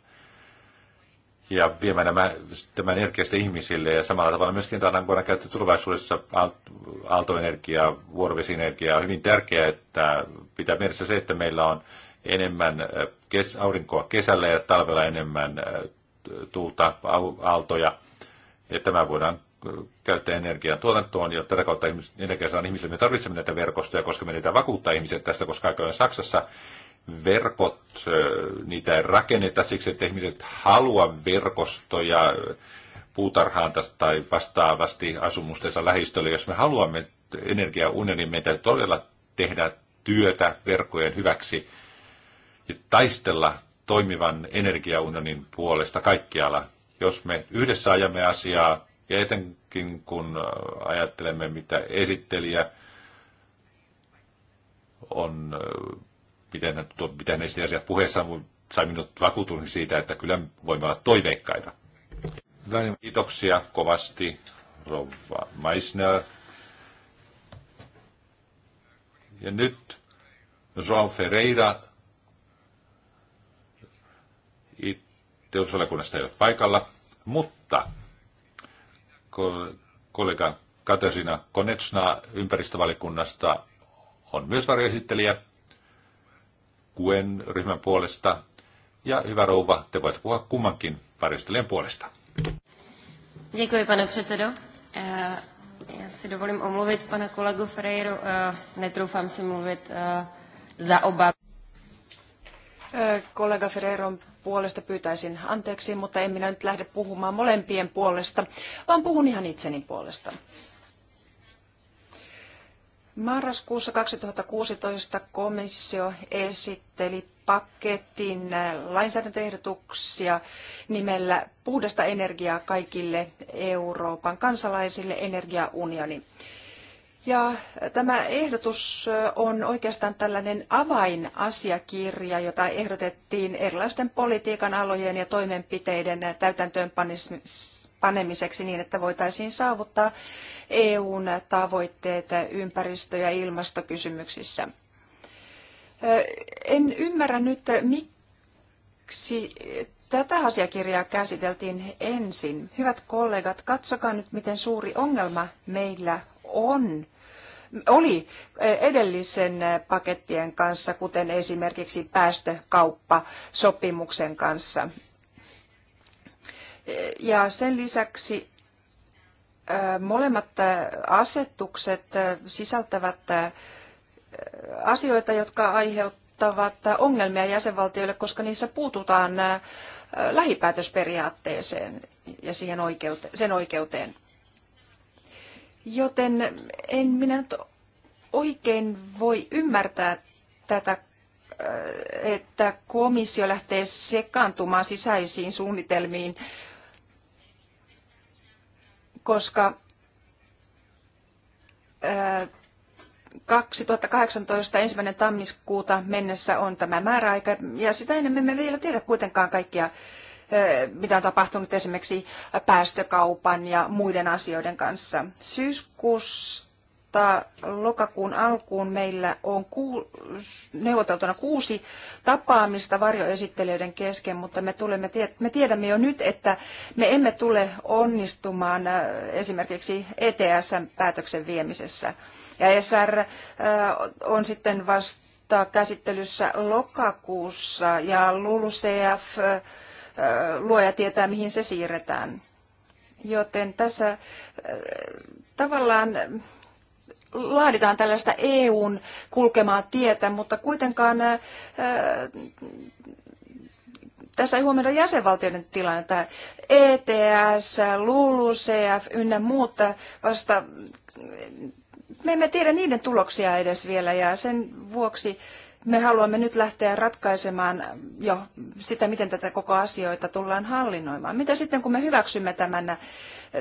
ja viemään nämä, tämän energiasta ihmisille ja samalla tavalla myöskin tämän voidaan käyttää tulevaisuudessa aaltoenergiaa, vuorovesienergiaa. On hyvin tärkeää, että pitää mielessä se, että meillä on enemmän eh, kes, aurinkoa kesällä ja talvella enemmän eh, tuulta, aaltoja. Ja tämä voidaan käyttää energiaa tuotantoon ja tätä kautta energiaa saa ihmisille. Me tarvitsemme näitä verkostoja, koska me niitä vakuuttaa ihmiset tästä, koska aika Saksassa verkot, niitä ei rakenneta siksi, että ihmiset halua verkostoja puutarhaan tai vastaavasti asumustensa lähistölle. Jos me haluamme unen, niin meidän todella tehdä työtä verkkojen hyväksi ja taistella toimivan energiaunionin puolesta kaikkialla. Jos me yhdessä ajamme asiaa, ja etenkin kun äh, ajattelemme, mitä esittelijä on, äh, miten, miten esittelijä puheessa sai minut vakuutunut siitä, että kyllä voimme olla toiveikkaita. Kiitoksia kovasti, Rova Meissner. Ja nyt João Ferreira teollisuusvaliokunnasta ei ole paikalla, mutta kollega Katarina Konetsna ympäristövalikunnasta on myös varjoesittelijä Kuen ryhmän puolesta. Ja hyvä rouva, te voitte puhua kummankin varjoesittelijän puolesta. Děkuji, pane předsedo. Eh, já si dovolím omluvit pana kolegu Ferreiru. Eh, netroufám si mluvit eh, za oba. Kollega Ferreiro on puolesta pyytäisin anteeksi, mutta en minä nyt lähde puhumaan molempien puolesta, vaan puhun ihan itseni puolesta. Marraskuussa 2016 komissio esitteli paketin äh, lainsäädäntöehdotuksia nimellä Puhdasta energiaa kaikille Euroopan kansalaisille energiaunioni. Ja tämä ehdotus on oikeastaan tällainen avainasiakirja, jota ehdotettiin erilaisten politiikan alojen ja toimenpiteiden täytäntöön panemiseksi niin, että voitaisiin saavuttaa EUn tavoitteet ympäristö- ja ilmastokysymyksissä. En ymmärrä nyt, miksi tätä asiakirjaa käsiteltiin ensin. Hyvät kollegat, katsokaa nyt, miten suuri ongelma meillä on oli eh, edellisen eh, pakettien kanssa, kuten esimerkiksi päästökauppasopimuksen kanssa. Eh, ja sen lisäksi molemmat asetukset sisältävät asioita, jotka aiheuttavat ongelmia jäsenvaltioille, koska niissä puututaan lähipäätösperiaatteeseen ja siihen oikeute- sen oikeuteen. Joten en minä nyt oikein voi ymmärtää tätä, äh, että komissio lähtee sekaantumaan sisäisiin suunnitelmiin, koska 2018 äh, ensimmäinen tammiskuuta mennessä on tämä määräaika, ja sitä ennen me emme vielä tiedä kuitenkaan kaikkia Eh, mitä on tapahtunut esimerkiksi päästökaupan ja muiden asioiden kanssa. Syyskuusta lokakuun alkuun meillä on ku, neuvoteltuna kuusi tapaamista varjoesittelijöiden kesken, mutta me, tulemme, me tiedämme jo nyt, että me emme tule onnistumaan eh, esimerkiksi ETS-päätöksen viemisessä. Ja e SR eh, on sitten vasta käsittelyssä lokakuussa ja LULUCF luoja tietää, mihin se siirretään. Joten tässä äh, tavallaan laaditaan tällaista EUn kulkemaa tietä, mutta kuitenkaan äh, tässä ei huomioida jäsenvaltioiden tilannetta. ETS, LULUCF ynnä muuta vasta, äh, me emme tiedä niiden tuloksia edes vielä ja sen vuoksi äh, me haluamme nyt lähteä ratkaisemaan jo sitä, miten tätä koko asioita tullaan hallinnoimaan. Mitä sitten, kun me hyväksymme tämän,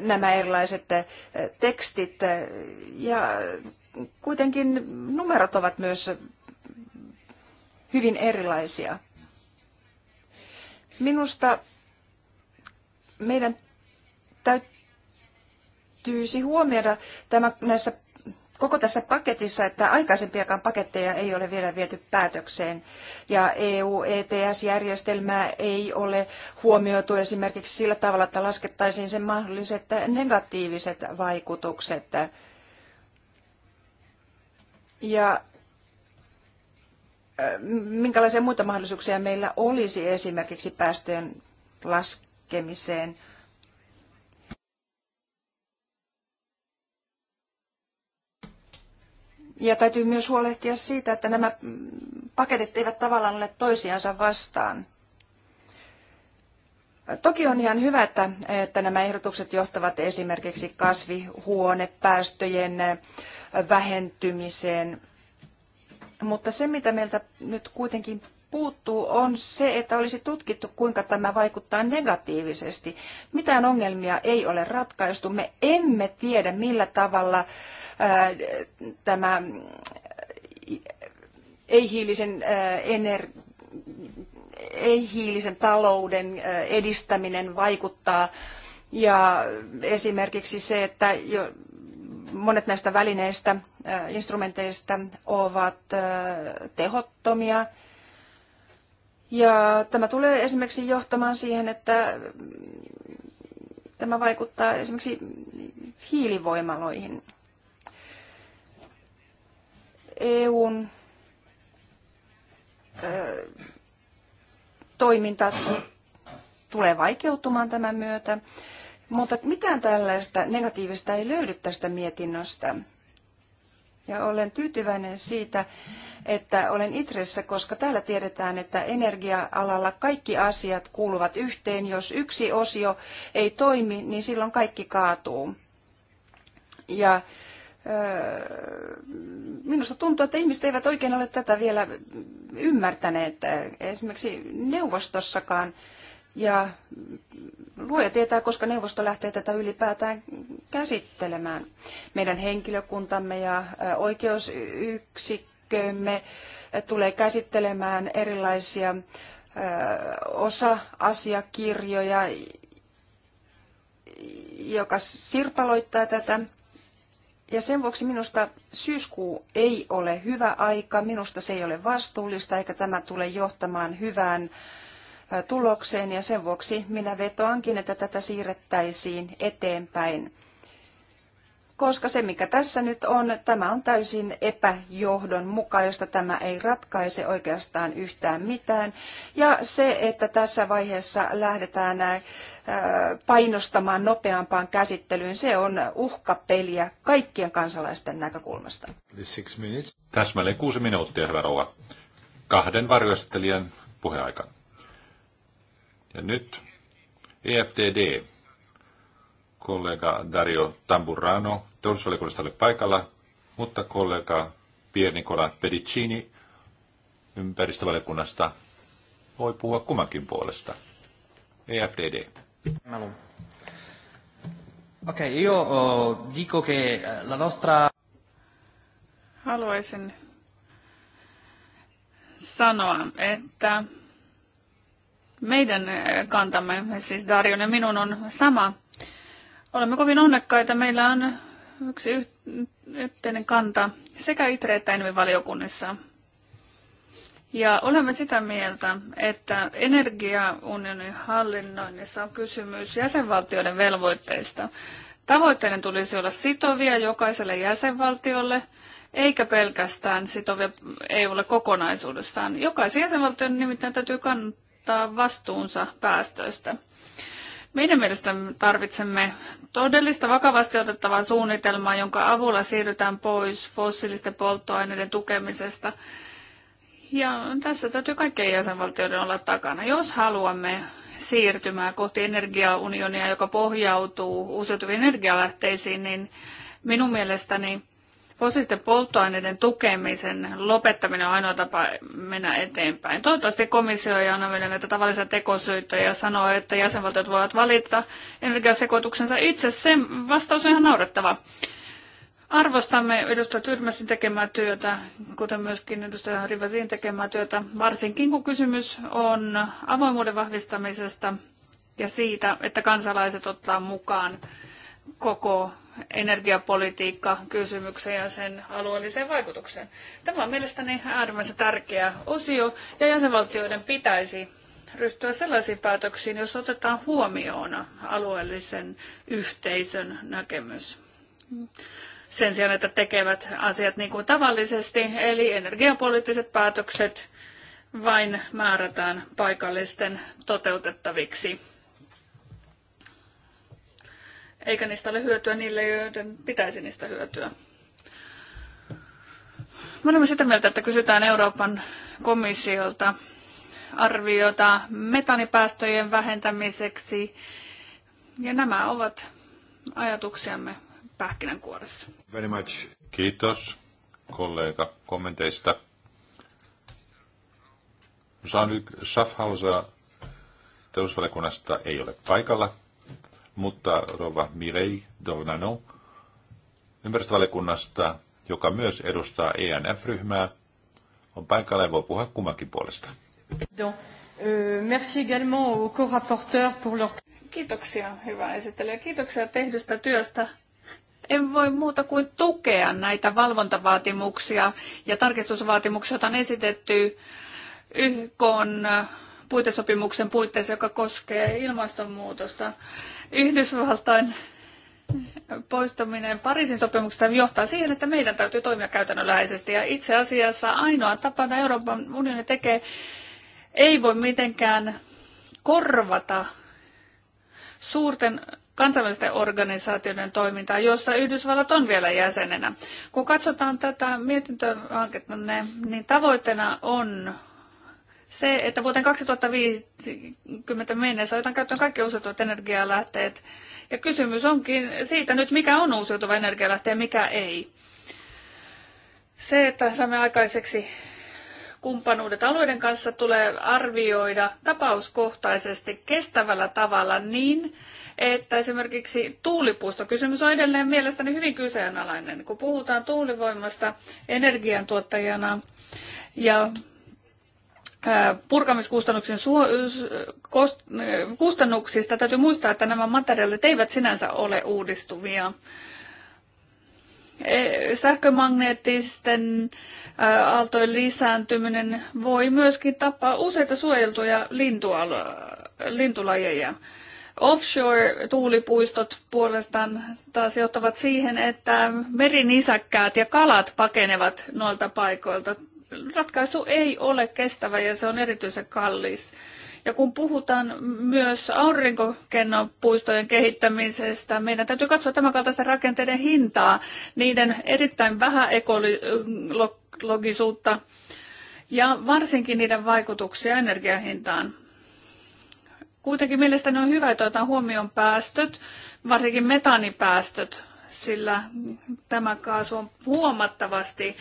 nämä erilaiset eh, tekstit ja kuitenkin numerot ovat myös hyvin erilaisia. Minusta meidän täytyy täytyisi huomioida tämä näissä koko tässä paketissa, että aikaisempiakaan paketteja ei ole vielä viety päätökseen. Ja EU-ETS-järjestelmää ei ole huomioitu esimerkiksi sillä tavalla, että laskettaisiin sen mahdolliset negatiiviset vaikutukset. Ja äh, minkälaisia muita mahdollisuuksia meillä olisi esimerkiksi päästöjen laskemiseen? Ja täytyy myös huolehtia siitä, että nämä paketit eivät tavallaan ole toisiansa vastaan. Toki on ihan hyvä, että, että nämä ehdotukset johtavat esimerkiksi kasvihuonepäästöjen vähentymiseen, mutta se, mitä meiltä nyt kuitenkin puuttuu, on se, että olisi tutkittu, kuinka tämä vaikuttaa negatiivisesti. Mitään ongelmia ei ole ratkaistu. Me emme tiedä, millä tavalla ää, äh, tämä äh, ei-hiilisen, ää, äh, ener- ei-hiilisen talouden ää, edistäminen vaikuttaa. Ja esimerkiksi se, että jo, monet näistä välineistä, instrumenteista ovat tehottomia ja tämä tulee esimerkiksi johtamaan siihen, että tämä vaikuttaa esimerkiksi hiilivoimaloihin. EUn ö, toiminta tulee vaikeutumaan tämän myötä, mutta mitään tällaista negatiivista ei löydy tästä mietinnöstä. Ja olen tyytyväinen siitä, että olen Itressä, koska täällä tiedetään, että energia-alalla kaikki asiat kuuluvat yhteen. Jos yksi osio ei toimi, niin silloin kaikki kaatuu. Ja minusta tuntuu, että ihmiset eivät oikein ole tätä vielä ymmärtäneet. Esimerkiksi neuvostossakaan ja luoja tietää, koska neuvosto lähtee tätä ylipäätään käsittelemään. Meidän henkilökuntamme ja oikeusyksikkömme tulee käsittelemään erilaisia osa-asiakirjoja, joka sirpaloittaa tätä. Ja sen vuoksi minusta syyskuu ei ole hyvä aika, minusta se ei ole vastuullista, eikä tämä tule johtamaan hyvään äh, tulokseen ja sen vuoksi minä vetoankin, että tätä siirrettäisiin eteenpäin. Koska se, mikä tässä nyt on, tämä on täysin epäjohdonmukaista, tämä ei ratkaise oikeastaan yhtään mitään. Ja se, että tässä vaiheessa lähdetään painostamaan nopeampaan käsittelyyn, se on uhkapeliä kaikkien kansalaisten näkökulmasta. Täsmälleen kuusi minuuttia, hyvä rouva. Kahden varjoistelijan puheaikaan. Ja nyt EFDD, kollega Dario Tamburano, teollisuusvaliokunnasta oli paikalla, mutta kollega Pier Nicola Pedicini ympäristövaliokunnasta voi puhua kummankin puolesta. EFDD. Ok, io eh, dico che eh, la nostra... Haluaisin sanoa, että meidän eh, kantamme, siis Darion ja minun, on sama. Olemme kovin onnekkaita. Meillä on yksi yhteinen kanta sekä ITRE että valiokunnissa Ja olemme sitä mieltä, että energiaunionin hallinnoinnissa on kysymys jäsenvaltioiden velvoitteista. Tavoitteiden tulisi olla sitovia jokaiselle jäsenvaltiolle, eikä pelkästään sitovia EUlle kokonaisuudessaan. Jokaisen jäsenvaltion nimittäin täytyy kan- ottaa vastuunsa päästöistä. Meidän mielestämme tarvitsemme todellista vakavasti otettavaa suunnitelmaa, jonka avulla siirrytään pois fossiilisten polttoaineiden tukemisesta. Ja tässä täytyy kaikkien jäsenvaltioiden olla takana. Jos haluamme siirtymää kohti energiaunionia, joka pohjautuu uusiutuviin energialähteisiin, niin minun mielestäni fossiilisten polttoaineiden tukemisen lopettaminen on ainoa tapa mennä eteenpäin. Toivottavasti komissio ei anna meille näitä tavallisia tekosyitä ja sanoo, että jäsenvaltiot voivat valita energiasekoituksensa itse. Se vastaus on ihan naurettava. Arvostamme edustaja Tyrmäsin tekemää työtä, kuten myöskin edustaja Rivasin tekemää työtä, varsinkin kun kysymys on avoimuuden vahvistamisesta ja siitä, että kansalaiset ottaa mukaan koko energiapolitiikka kysymykseen ja sen alueelliseen vaikutukseen. Tämä on mielestäni äärimmäisen tärkeä osio ja jäsenvaltioiden pitäisi ryhtyä sellaisiin päätöksiin, jos otetaan huomioon alueellisen yhteisön näkemys. Sen sijaan, että tekevät asiat niin kuin tavallisesti, eli energiapoliittiset päätökset vain määrätään paikallisten toteutettaviksi eikä niistä ole hyötyä niille, joiden pitäisi niistä hyötyä. Me olemme sitä mieltä, että kysytään Euroopan komissiolta arviota metanipäästöjen vähentämiseksi. Ja nämä ovat ajatuksiamme pähkinänkuoressa. Very much. Kiitos kollega kommenteista. Saan nyt Schaffhauser teollisuusvaliokunnasta ei ole paikalla mutta rova Mirei Dornano ympäristövaliokunnasta, joka myös edustaa ENF-ryhmää, on paikalla ja voi puhua kummankin puolesta. Euh, Kiitoksia, hyvä esittelijä. Kiitoksia tehdystä työstä. En voi muuta kuin tukea näitä valvontavaatimuksia ja tarkistusvaatimuksia, joita on esitetty YK on puitesopimuksen puitteissa, joka koskee ilmastonmuutosta. Yhdysvaltain poistuminen Pariisin sopimuksesta johtaa siihen, että meidän täytyy toimia käytännönläheisesti. Ja itse asiassa ainoa tapa, jota Euroopan unioni tekee, ei voi mitenkään korvata suurten kansainvälisten organisaatioiden toimintaa, jossa Yhdysvallat on vielä jäsenenä. Kun katsotaan tätä mietintöhanketta, niin tavoitteena on se, että vuoteen 2050 mennessä otetaan käyttöön kaikki uusiutuvat energialähteet. Ja kysymys onkin siitä nyt, mikä on uusiutuva energialähte ja mikä ei. Se, että saamme aikaiseksi kumppanuudet alueiden kanssa tulee arvioida tapauskohtaisesti kestävällä tavalla niin, että esimerkiksi kysymys on edelleen mielestäni hyvin kyseenalainen. Kun puhutaan tuulivoimasta energiantuottajana ja purkamiskustannuksen kustannuksista täytyy muistaa, että nämä materiaalit eivät sinänsä ole uudistuvia. E, sähkömagneettisten aaltojen lisääntyminen voi myöskin tappaa useita suojeltuja lintulajeja. Offshore-tuulipuistot puolestaan taas johtavat siihen, että merinisäkkäät ja kalat pakenevat noilta paikoilta ratkaisu ei ole kestävä ja se on erityisen kallis. Ja kun puhutaan myös aurinkokennopuistojen kehittämisestä, meidän täytyy katsoa tämän kaltaisten rakenteiden hintaa, niiden erittäin vähän ekologisuutta ja varsinkin niiden vaikutuksia energiahintaan. Kuitenkin mielestäni on hyvä, että otetaan huomioon päästöt, varsinkin metaanipäästöt, sillä tämä kaasu on huomattavasti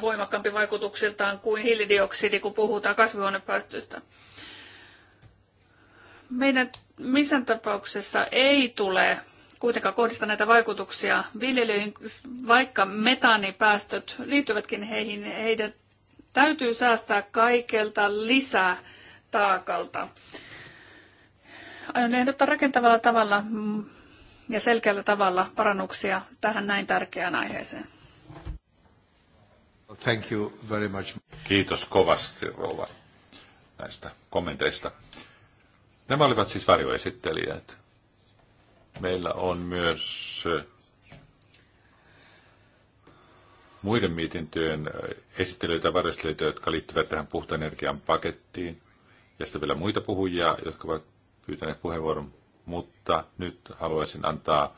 voimakkaampi vaikutuksiltaan kuin hiilidioksidi, kun puhutaan kasvihuonepäästöistä. Meidän missään tapauksessa ei tule kuitenkaan kohdista näitä vaikutuksia viljelyihin, vaikka metaanipäästöt liittyvätkin heihin, heidän täytyy säästää kaikelta lisää taakalta. Aion ehdottaa rakentavalla tavalla ja selkeällä tavalla parannuksia tähän näin tärkeään aiheeseen. Thank you very much. Kiitos kovasti, Rova, näistä kommenteista. Nämä olivat siis varjoesittelijät. Meillä on myös äh, muiden mietintöjen äh, esittelyitä ja varjostelijoita, jotka liittyvät tähän puhtaan energian pakettiin. Ja sitten vielä muita puhujia, jotka ovat pyytäneet puheenvuoron mutta nyt haluaisin antaa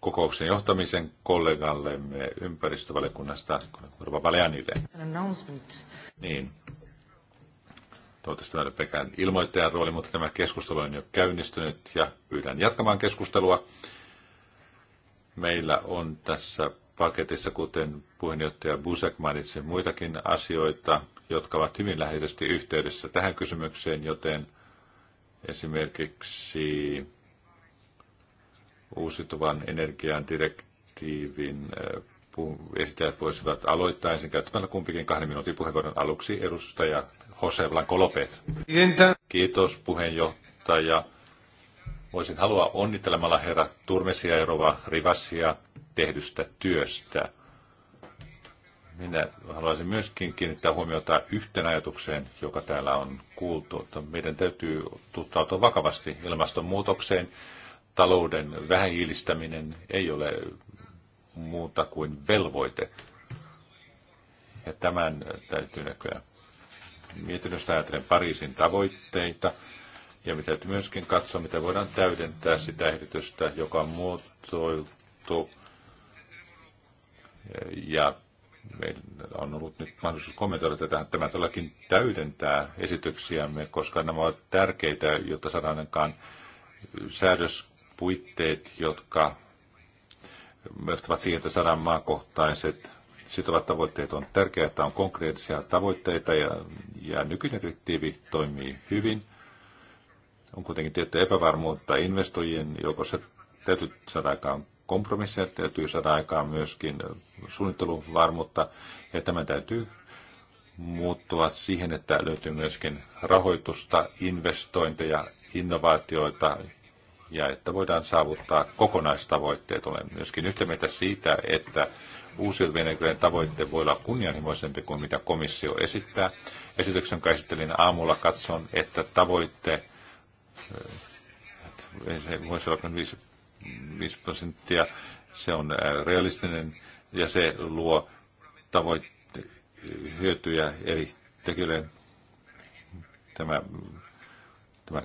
kokouksen johtamisen kollegallemme ympäristövaliokunnasta, Korva Valeanille. Niin. Toivottavasti olen pelkään ilmoittajan rooli, mutta tämä keskustelu on jo käynnistynyt ja pyydän jatkamaan keskustelua. Meillä on tässä paketissa, kuten puheenjohtaja Busek mainitsi, muitakin asioita, jotka ovat hyvin läheisesti yhteydessä tähän kysymykseen, joten – Esimerkiksi uusiutuvan energian direktiivin esittäjät voisivat aloittaa ensin käyttämällä kumpikin kahden minuutin puheenvuoron aluksi edustaja Jose Blanco Lopez. Kiitos puheenjohtaja. Voisin halua onnittelemalla herra Turmesia ja Rova Rivasia tehdystä työstä. Minä haluaisin myöskin kiinnittää huomiota yhteen ajatukseen, joka täällä on kuultu, että meidän täytyy tuttautua vakavasti ilmastonmuutokseen. Talouden vähähiilistäminen ei ole muuta kuin velvoite. Ja tämän täytyy näköjään mietinnöstä ajatellen Pariisin tavoitteita. Ja me täytyy myöskin katsoa, mitä voidaan täydentää sitä ehdotusta, joka on muotoiltu ja meillä on ollut nyt mahdollisuus kommentoida tätä. Tämä todellakin täydentää esityksiämme, koska nämä ovat tärkeitä, jotta saadaan ainakaan säädöspuitteet, jotka johtavat siihen, että saadaan maakohtaiset sitovat tavoitteet. On tärkeää, että on konkreettisia tavoitteita ja, ja nykyinen direktiivi toimii hyvin. On kuitenkin tiettyä epävarmuutta investoijien joukossa täytyy saada aikaan kompromisseja, täytyy saada aikaan myöskin suunnitteluvarmuutta ja tämä täytyy muuttua siihen, että löytyy myöskin rahoitusta, investointeja, innovaatioita, ja että voidaan saavuttaa kokonaistavoitteet. Olen myöskin yhtä mieltä siitä, että uusiutuvien energioiden tavoitteet voi olla kunnianhimoisempi kuin mitä komissio esittää. Esityksen käsittelin aamulla katson, että tavoitte eh, se voisi olla 5 prosenttia. Se on realistinen ja se luo tavoitte- hyötyjä eri tekijöille. Tämä, tämä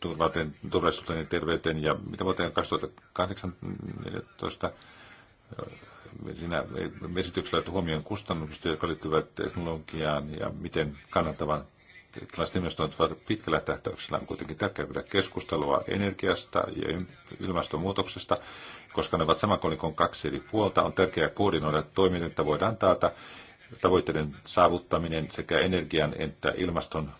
turvallisuuteen turvallisuuteen ja terveyteen ja mitä vuoteen 2018 siinä esityksellä otettu huomioon kustannukset, jotka liittyvät teknologiaan ja miten kannattavan tällaiset investoinnit pitkällä tähtäyksellä on kuitenkin tärkeää käydä keskustelua energiasta ja ilmastonmuutoksesta, koska ne ovat saman kolikon kaksi eri puolta. On tärkeää koordinoida toiminta, että voidaan taata tavoitteiden saavuttaminen sekä energian että ilmaston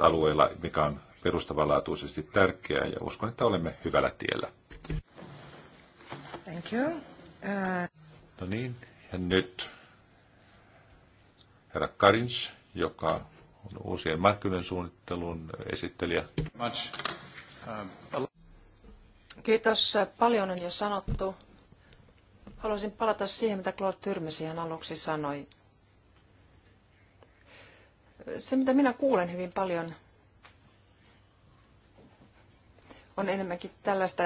alueella, mikä on perustavanlaatuisesti tärkeää, ja uskon, että olemme hyvällä tiellä. Thank you. Uh... No niin, ja nyt herra Karins, joka uusien markkinoiden suunnittelun esittelijä. Kiitos. Paljon on jo sanottu. Haluaisin palata siihen, mitä Claude Tyrmes ihan aluksi sanoi. Se, mitä minä kuulen hyvin paljon, on enemmänkin tällaista,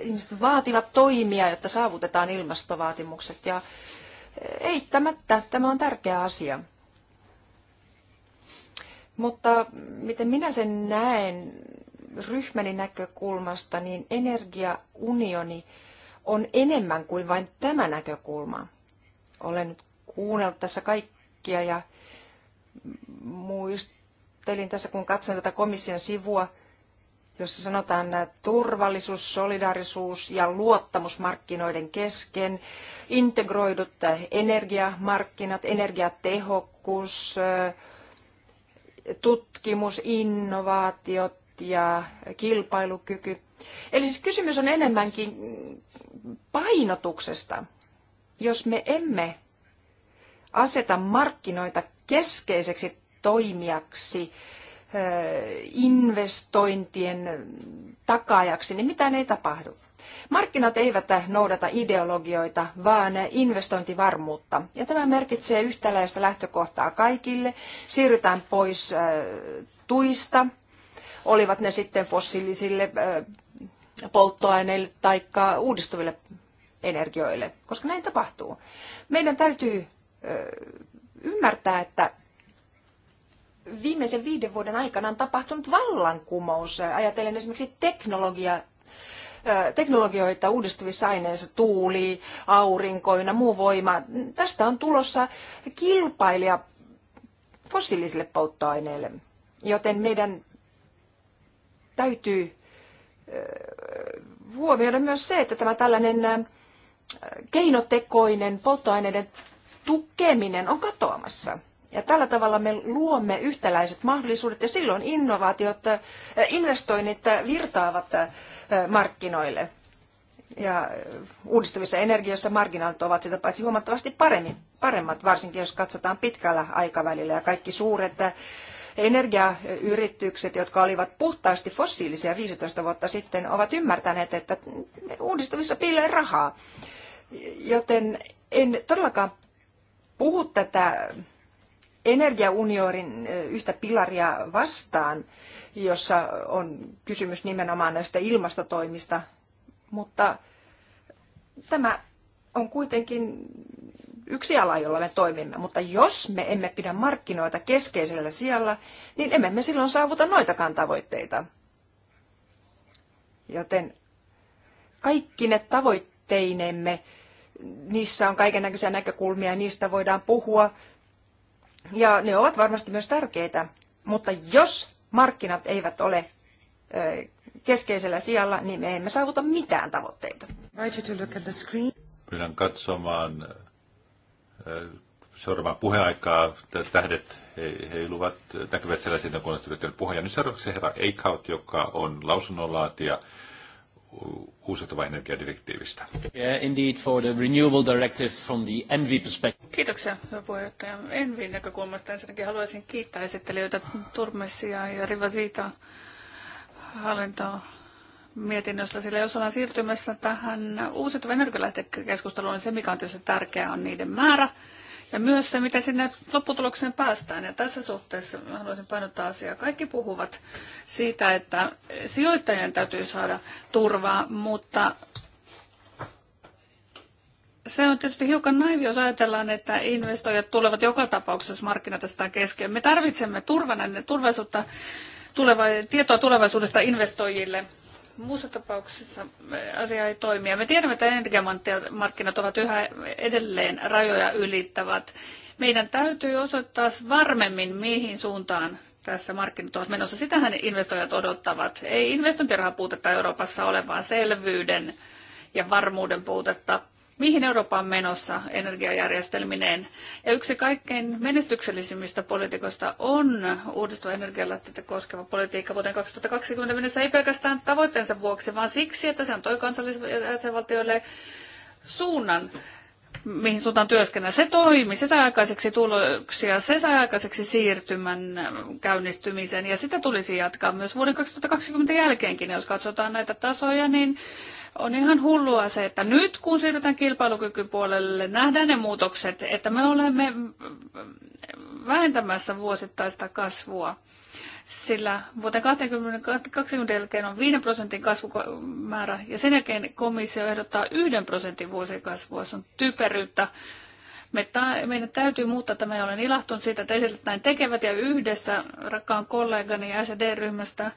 ihmiset vaativat toimia, jotta saavutetaan ilmastovaatimukset. Ja eittämättä tämä on tärkeä asia. Mutta miten minä sen näen ryhmäni näkökulmasta, niin energiaunioni on enemmän kuin vain tämä näkökulma. Olen nyt kuunnellut tässä kaikkia ja muistelin tässä, kun katson tätä komission sivua, jossa sanotaan nämä turvallisuus, solidaarisuus ja luottamus markkinoiden kesken, integroidut energiamarkkinat, energiatehokkuus, äh, tutkimus, innovaatiot ja kilpailukyky. Eli siis kysymys on enemmänkin painotuksesta. Jos me emme aseta markkinoita keskeiseksi toimijaksi investointien takaajaksi, niin mitään ei tapahdu. Markkinat eivät noudata ideologioita, vaan investointivarmuutta. Ja tämä merkitsee yhtäläistä lähtökohtaa kaikille. Siirrytään pois tuista, olivat ne sitten fossiilisille polttoaineille tai uudistuville energioille, koska näin tapahtuu. Meidän täytyy ymmärtää, että viimeisen viiden vuoden aikana on tapahtunut vallankumous. Ajatellen esimerkiksi teknologia, teknologioita uudistuvissa aineissa, tuuli, aurinkoina, muu voima. Tästä on tulossa kilpailija fossiilisille polttoaineille, joten meidän täytyy huomioida myös se, että tämä tällainen keinotekoinen polttoaineiden tukeminen on katoamassa. Ja tällä tavalla me luomme yhtäläiset mahdollisuudet ja silloin innovaatiot, äh, investoinnit virtaavat äh, markkinoille. Ja äh, uudistuvissa energioissa marginaalit ovat sitä paitsi huomattavasti paremmin, paremmat, varsinkin jos katsotaan pitkällä aikavälillä. Ja kaikki suuret energiayritykset, jotka olivat puhtaasti fossiilisia 15 vuotta sitten, ovat ymmärtäneet, että uudistuvissa piilee rahaa. Joten en todellakaan puhu tätä energiaunionin yhtä pilaria vastaan, jossa on kysymys nimenomaan näistä ilmastotoimista, mutta tämä on kuitenkin yksi ala, jolla me toimimme. Mutta jos me emme pidä markkinoita keskeisellä sijalla, niin emme me silloin saavuta noitakaan tavoitteita. Joten kaikki ne tavoitteinemme, niissä on kaiken näköisiä näkökulmia, niistä voidaan puhua ja ne ovat varmasti myös tärkeitä, mutta jos markkinat eivät ole keskeisellä sijalla, niin me emme saavuta mitään tavoitteita. Pyydän katsomaan seuraavaa puheaikaa. Tähdet heiluvat, näkyvät sellaisina, kun on puheen. Nyt seuraavaksi herra Eikhaut, joka on lausunnonlaatija uusiutuvan energiadirektiivistä. indeed for the renewable directive from the perspective. Kiitoksia, hyvä puheenjohtaja. Envin näkökulmasta ensinnäkin haluaisin kiittää esittelijöitä Turmesia ja Rivasita hallintoa mietinnöstä, sillä jos ollaan siirtymässä tähän uusiutuvan energialähtekeskusteluun, niin se mikä on tietysti tärkeää on niiden määrä, ja myös se, mitä sinne lopputulokseen päästään. Ja tässä suhteessa haluaisin painottaa asiaa. Kaikki puhuvat siitä, että sijoittajien täytyy saada turvaa, mutta se on tietysti hiukan naivi, jos ajatellaan, että investoijat tulevat joka tapauksessa markkinat tästä kesken. Me tarvitsemme turvana, turvallisuutta, tuleva, tietoa tulevaisuudesta investoijille Muussa tapauksessa äh, asia ei ja Me tiedämme, että energiamarkkinat ovat yhä edelleen rajoja ylittävät. Meidän täytyy osoittaa varmemmin, mihin suuntaan tässä markkinat ovat menossa. Sitähän investoijat odottavat. Ei investointirahapuutetta Euroopassa ole, vaan selvyyden ja varmuuden puutetta mihin Eurooppa on menossa energiajärjestelmineen. Ja yksi kaikkein menestyksellisimmistä politiikoista on uudistuva energialähteitä koskeva politiikka vuoteen 2020 mennessä ei pelkästään tavoitteensa vuoksi, vaan siksi, että se antoi kansallisvaltioille suunnan mihin suuntaan työskennellä. Se toimi, se sai aikaiseksi tuloksia, se sai aikaiseksi siirtymän käynnistymisen ja sitä tulisi jatkaa myös vuoden 2020 jälkeenkin. Jos katsotaan näitä tasoja, niin on ihan hullua se, että nyt kun siirrytään kilpailukykypuolelle, nähdään ne muutokset, että me olemme vähentämässä vuosittaista kasvua. Sillä vuoteen 2020 jälkeen on 5 prosentin kasvumäärä ja sen jälkeen komissio ehdottaa 1 prosentin vuosikasvua. Se on typeryyttä. Me ta- meidän täytyy muuttaa että me olen ilahtunut siitä, että esille näin tekevät ja yhdessä rakkaan kollegani SD-ryhmästä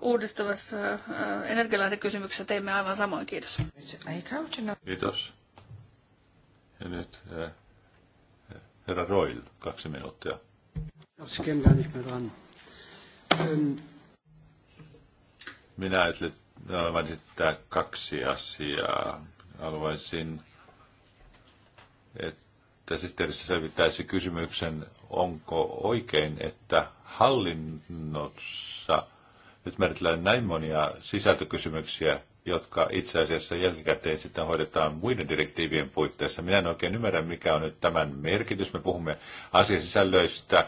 uudistuvassa äh, energialähdekysymyksessä teimme aivan samoin. Kiitos. Kiitos. Ja nyt äh, herra Roil, kaksi minuuttia. Minä ajattelin esittää kaksi asiaa. Haluaisin, että sihteerissä selvittäisi kysymyksen, onko oikein, että hallinnossa – nyt määritellään näin monia sisältökysymyksiä, jotka itse asiassa jälkikäteen sitten hoidetaan muiden direktiivien puitteissa. Minä en oikein ymmärrä, mikä on nyt tämän merkitys. Me puhumme asiasisällöistä,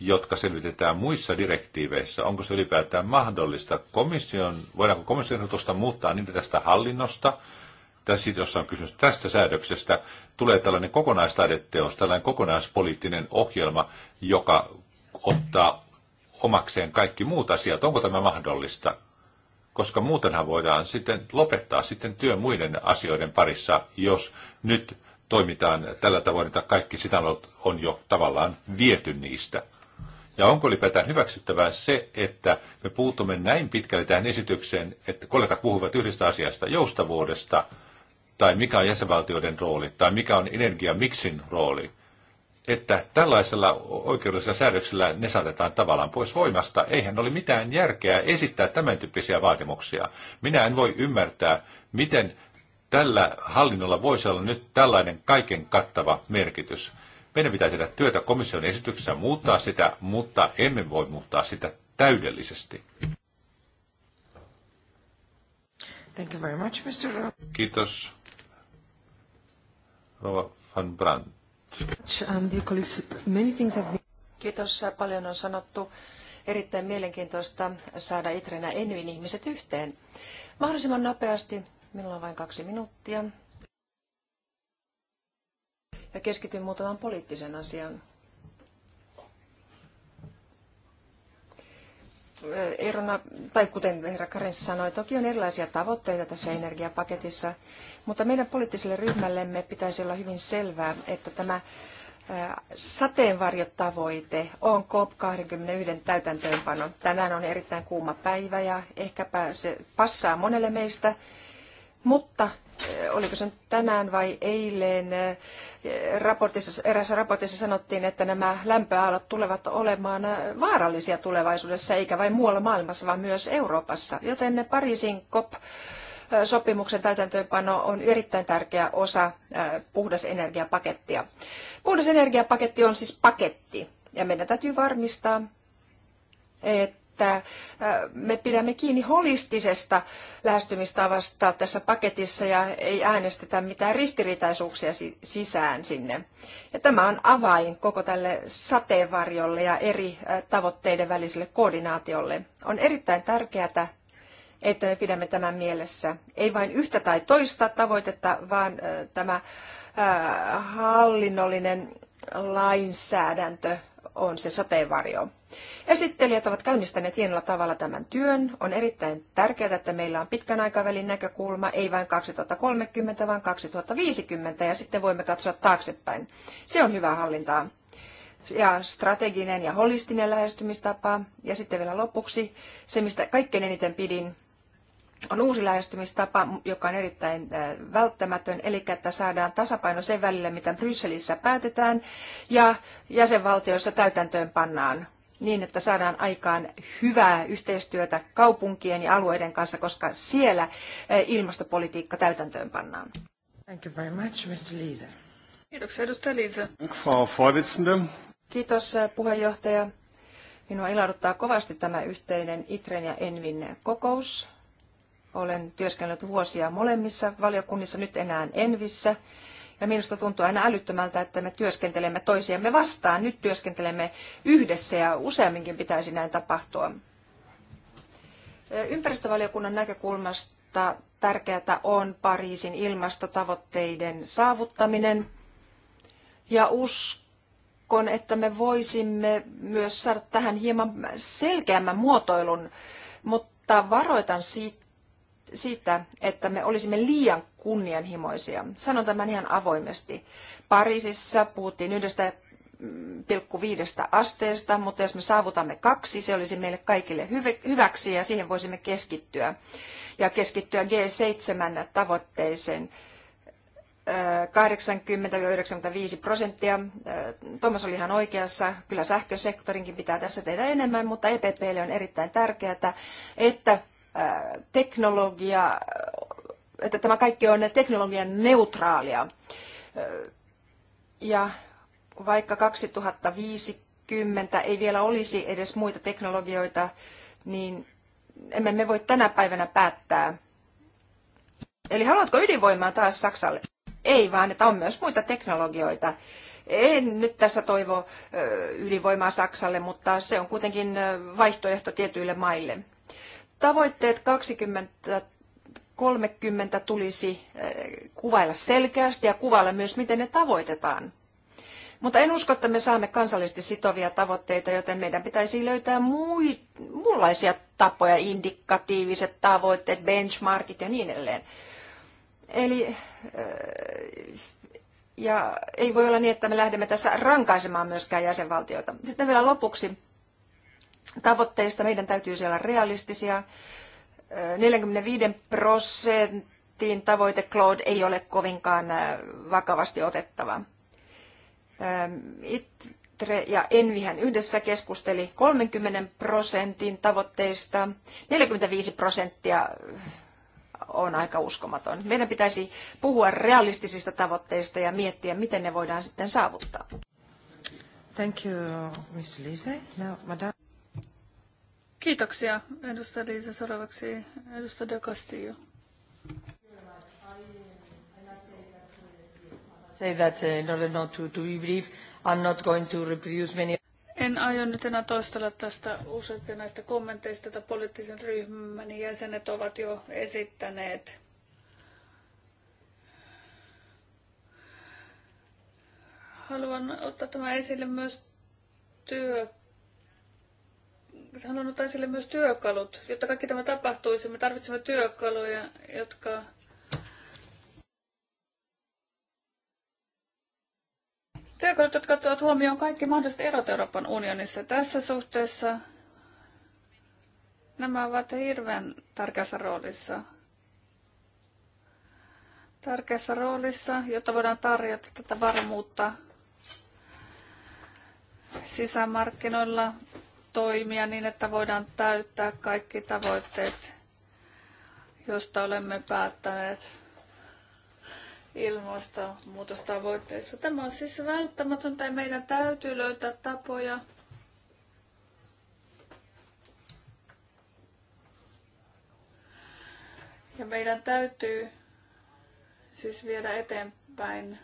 jotka selvitetään muissa direktiiveissä. Onko se ylipäätään mahdollista? Komission, voidaanko komission ehdotusta muuttaa niitä tästä hallinnosta, Tässä siitä, on kysymys tästä säädöksestä, tulee tällainen kokonaistaideteos, tällainen kokonaispoliittinen ohjelma, joka ottaa omakseen kaikki muut asiat. Onko tämä mahdollista? Koska muutenhan voidaan sitten lopettaa sitten työ muiden asioiden parissa, jos nyt toimitaan tällä tavoin, että kaikki sitä on jo tavallaan viety niistä. Ja onko ylipäätään hyväksyttävää se, että me puutumme näin pitkälle tähän esitykseen, että kollegat puhuvat yhdestä asiasta, joustavuudesta, tai mikä on jäsenvaltioiden rooli, tai mikä on energiamiksin rooli että tällaisella oikeudellisella säädöksellä ne saatetaan tavallaan pois voimasta. Eihän ole mitään järkeä esittää tämän tyyppisiä vaatimuksia. Minä en voi ymmärtää, miten tällä hallinnolla voisi olla nyt tällainen kaiken kattava merkitys. Meidän pitää tehdä työtä komission esityksessä muuttaa sitä, mutta emme voi muuttaa sitä täydellisesti. Thank you very much, Mr. Kiitos. Rova van Brandt. Um, Kiitos. Paljon on sanottu. Erittäin mielenkiintoista saada Itrenä ja Enyin ihmiset yhteen. Mahdollisimman nopeasti. Minulla on vain kaksi minuuttia. Ja keskityn muutamaan poliittisen asiaan. erona, eh, tai kuten herra Karens sanoi, toki on erilaisia tavoitteita tässä energiapaketissa, mutta meidän poliittiselle ryhmällemme pitäisi olla hyvin selvää, että tämä eh, sateenvarjotavoite on COP21 täytäntöönpano. Tänään on erittäin kuuma päivä ja ehkäpä se passaa monelle meistä, mutta oliko se tänään vai eilen, raportissa, erässä raportissa sanottiin, että nämä lämpöaalot tulevat olemaan vaarallisia tulevaisuudessa, eikä vain muualla maailmassa, vaan myös Euroopassa. Joten Pariisin COP sopimuksen täytäntöönpano on erittäin tärkeä osa puhdas energiapakettia. Puhdas energiapaketti on siis paketti, ja meidän täytyy varmistaa, että että äh, me pidämme kiinni holistisesta lähestymistavasta tässä paketissa ja ei äänestetä mitään ristiriitaisuuksia sisään sinne. Ja tämä on avain koko tälle sateenvarjolle ja eri äh, tavoitteiden väliselle koordinaatiolle. On erittäin tärkeää, että me pidämme tämän mielessä. Ei vain yhtä tai toista tavoitetta, vaan äh, tämä hallinnollinen lainsäädäntö on se sateenvarjo. Esittelijät ovat käynnistäneet hienolla tavalla tämän työn. On erittäin tärkeää, että meillä on pitkän aikavälin näkökulma, ei vain 2030, vaan 2050, ja sitten voimme katsoa taaksepäin. Se on hyvää hallintaa. Ja strateginen ja holistinen lähestymistapa. Ja sitten vielä lopuksi se, mistä kaikkein eniten pidin, on uusi lähestymistapa, joka on erittäin äh, välttämätön, eli että saadaan tasapaino sen välillä, mitä Brysselissä päätetään ja jäsenvaltioissa täytäntöön pannaan niin, että saadaan aikaan hyvää yhteistyötä kaupunkien ja alueiden kanssa, koska siellä äh, ilmastopolitiikka täytäntöön pannaan. Thank you very much, Mr. Liese. Kiitoksia, edustaja Frau Vorsitzende. Kiitos, äh, puheenjohtaja. Minua ilahduttaa kovasti tämä yhteinen ITREN ja ENVin kokous olen työskennellyt vuosia molemmissa valiokunnissa, nyt enää Envissä. Ja minusta tuntuu aina älyttömältä, että me työskentelemme toisiamme vastaan. Nyt työskentelemme yhdessä ja useamminkin pitäisi näin tapahtua. Ympäristövaliokunnan näkökulmasta tärkeää on Pariisin ilmastotavoitteiden saavuttaminen. Ja uskon, että me voisimme myös saada tähän hieman selkeämmän muotoilun, mutta varoitan siitä, siitä, että me olisimme liian kunnianhimoisia. Sanon tämän ihan avoimesti. Pariisissa puhuttiin yhdestä mm, viidestä asteesta, mutta jos me saavutamme kaksi, se olisi meille kaikille hyväksi ja siihen voisimme keskittyä. Ja keskittyä G7 tavoitteeseen 80-95 prosenttia. Thomas oli ihan oikeassa. Kyllä sähkösektorinkin pitää tässä tehdä enemmän, mutta EPPlle on erittäin tärkeää, että teknologia, että tämä kaikki on teknologian neutraalia. Ja vaikka 2050 ei vielä olisi edes muita teknologioita, niin emme me voi tänä päivänä päättää. Eli haluatko ydinvoimaa taas Saksalle? Ei, vaan että on myös muita teknologioita. En nyt tässä toivo ydinvoimaa Saksalle, mutta se on kuitenkin vaihtoehto tietyille maille. Tavoitteet 20 30 tulisi eh, kuvailla selkeästi ja kuvailla myös, miten ne tavoitetaan. Mutta en usko, että me saamme kansallisesti sitovia tavoitteita, joten meidän pitäisi löytää mui, muunlaisia tapoja, indikatiiviset tavoitteet, benchmarkit ja niin edelleen. Eli eh, ja ei voi olla niin, että me lähdemme tässä rankaisemaan myöskään jäsenvaltioita. Sitten vielä lopuksi tavoitteista. Meidän täytyy olla realistisia. 45 prosentin tavoite cloud ei ole kovinkaan vakavasti otettava. Itre ja Envihän yhdessä keskusteli 30 prosentin tavoitteista. 45 prosenttia on aika uskomaton. Meidän pitäisi puhua realistisista tavoitteista ja miettiä, miten ne voidaan sitten saavuttaa. Thank you, Miss Lise. Now, madame. Kiitoksia. Edustaja Liisa seuraavaksi. Edustaja De Castillo. Say that uh, in order not to, to be brief, I'm not going to reproduce many... En aio nyt enää toistella tästä useimpia näistä kommenteista, joita poliittisen ryhmän jäsenet ovat jo esittäneet. Haluan ottaa tämän esille myös työ hän on ottaa sille myös työkalut. Jotta kaikki tämä tapahtuisi, me tarvitsemme työkaluja, jotka työkalut, jotka ottavat huomioon kaikki mahdolliset erot Euroopan unionissa. Tässä suhteessa nämä ovat hirveän tärkeässä roolissa. Tärkeässä roolissa, jotta voidaan tarjota tätä varmuutta sisämarkkinoilla toimia niin, että voidaan täyttää kaikki tavoitteet, joista olemme päättäneet ilmastonmuutostavoitteissa. Tämä on siis välttämätöntä ja meidän täytyy löytää tapoja Ja meidän täytyy siis viedä eteenpäin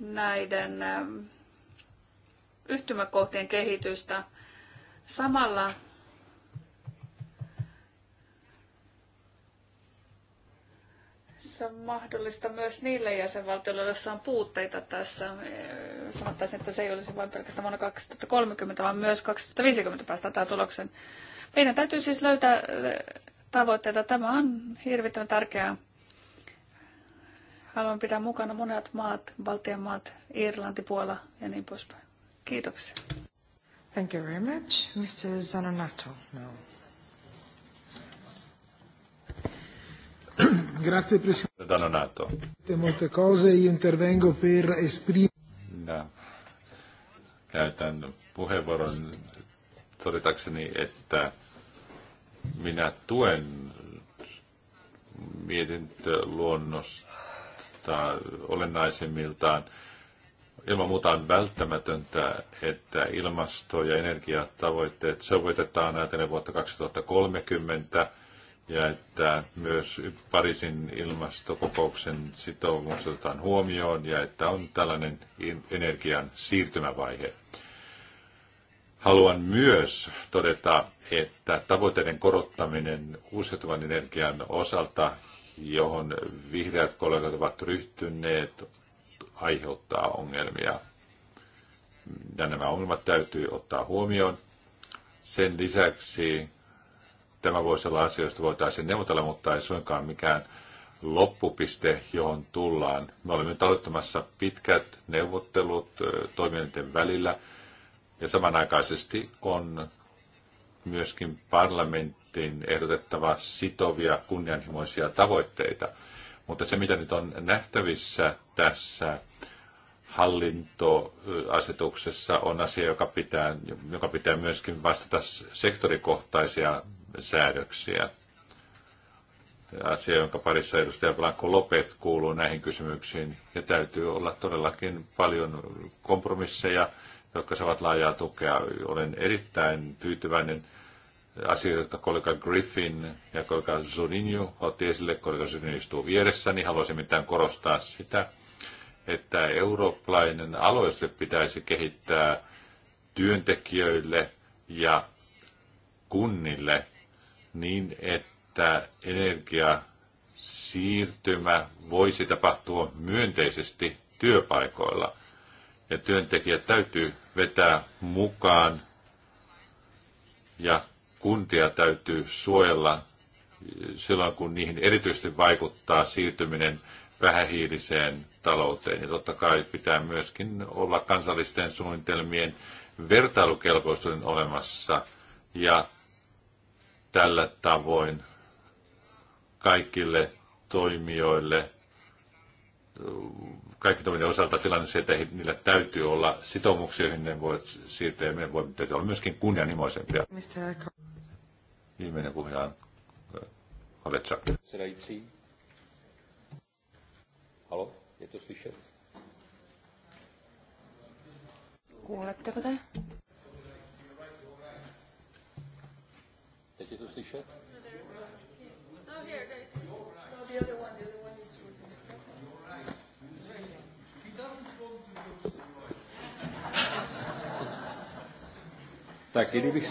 näiden ähm, yhtymäkohtien kehitystä. Samalla se on mahdollista myös niille jäsenvaltioille, joissa on puutteita tässä. Sanottaisin, että se ei olisi vain pelkästään vuonna 2030, vaan myös 2050 päästään tämän tuloksen. Meidän täytyy siis löytää eh, tavoitteita. Tämä on hirvittävän tärkeää. Haluan pitää mukana monet maat, Baltian maat, Irlanti, Puola ja niin poispäin. Kiitoksia. Thank you very much. Mr. Zanonato, now. Grazie Presidente. Zanonato. Molte cose, io intervengo per esprimere... Käytän puheenvuoron todetakseni, että minä tuen mietintöluonnosta olennaisemmiltaan ilman muuta on välttämätöntä, että ilmasto- ja energiatavoitteet sovitetaan ajatellen vuotta 2030 ja että myös Pariisin ilmastokokouksen sitoumus otetaan huomioon ja että on tällainen energian siirtymävaihe. Haluan myös todeta, että tavoitteiden korottaminen uusiutuvan energian osalta, johon vihreät kollegat ovat ryhtyneet, aiheuttaa ongelmia. Ja nämä ongelmat täytyy ottaa huomioon. Sen lisäksi tämä voisi olla asia, josta voitaisiin neuvotella, mutta ei suinkaan mikään loppupiste, johon tullaan. Me olemme nyt aloittamassa pitkät neuvottelut toimijoiden välillä ja samanaikaisesti on myöskin parlamentin ehdotettava sitovia kunnianhimoisia tavoitteita. Mutta se, mitä nyt on nähtävissä tässä hallintoasetuksessa, on asia, joka pitää, joka pitää myöskin vastata sektorikohtaisia säädöksiä. Asia, jonka parissa edustaja Blanco Lopez kuuluu näihin kysymyksiin. Ja täytyy olla todellakin paljon kompromisseja, jotka saavat laajaa tukea. Olen erittäin tyytyväinen asioita, joita kollega Griffin ja kollega Zuninju otti esille. Kollega Zuninju istuu vieressä, Niin haluaisin mitään korostaa sitä, että eurooppalainen aloite pitäisi kehittää työntekijöille ja kunnille niin, että energia siirtymä voisi tapahtua myönteisesti työpaikoilla. Ja työntekijät täytyy vetää mukaan ja kuntia täytyy suojella silloin, kun niihin erityisesti vaikuttaa siirtyminen vähähiiliseen talouteen. Ja totta kai pitää myöskin olla kansallisten suunnitelmien vertailukelpoisuuden olemassa ja tällä tavoin kaikille toimijoille, kaikki toimijoiden osalta tilanne se, että niillä täytyy olla sitoumuksia, joihin ne voi siirtyä ja me voimme olla myöskin kunnianhimoisempia. Viimeinen puhuja on Kovetsa. Sedající. Halo, je to slyšet? Kuuletteko te? Teď je to slyšet? Tak, kdybych...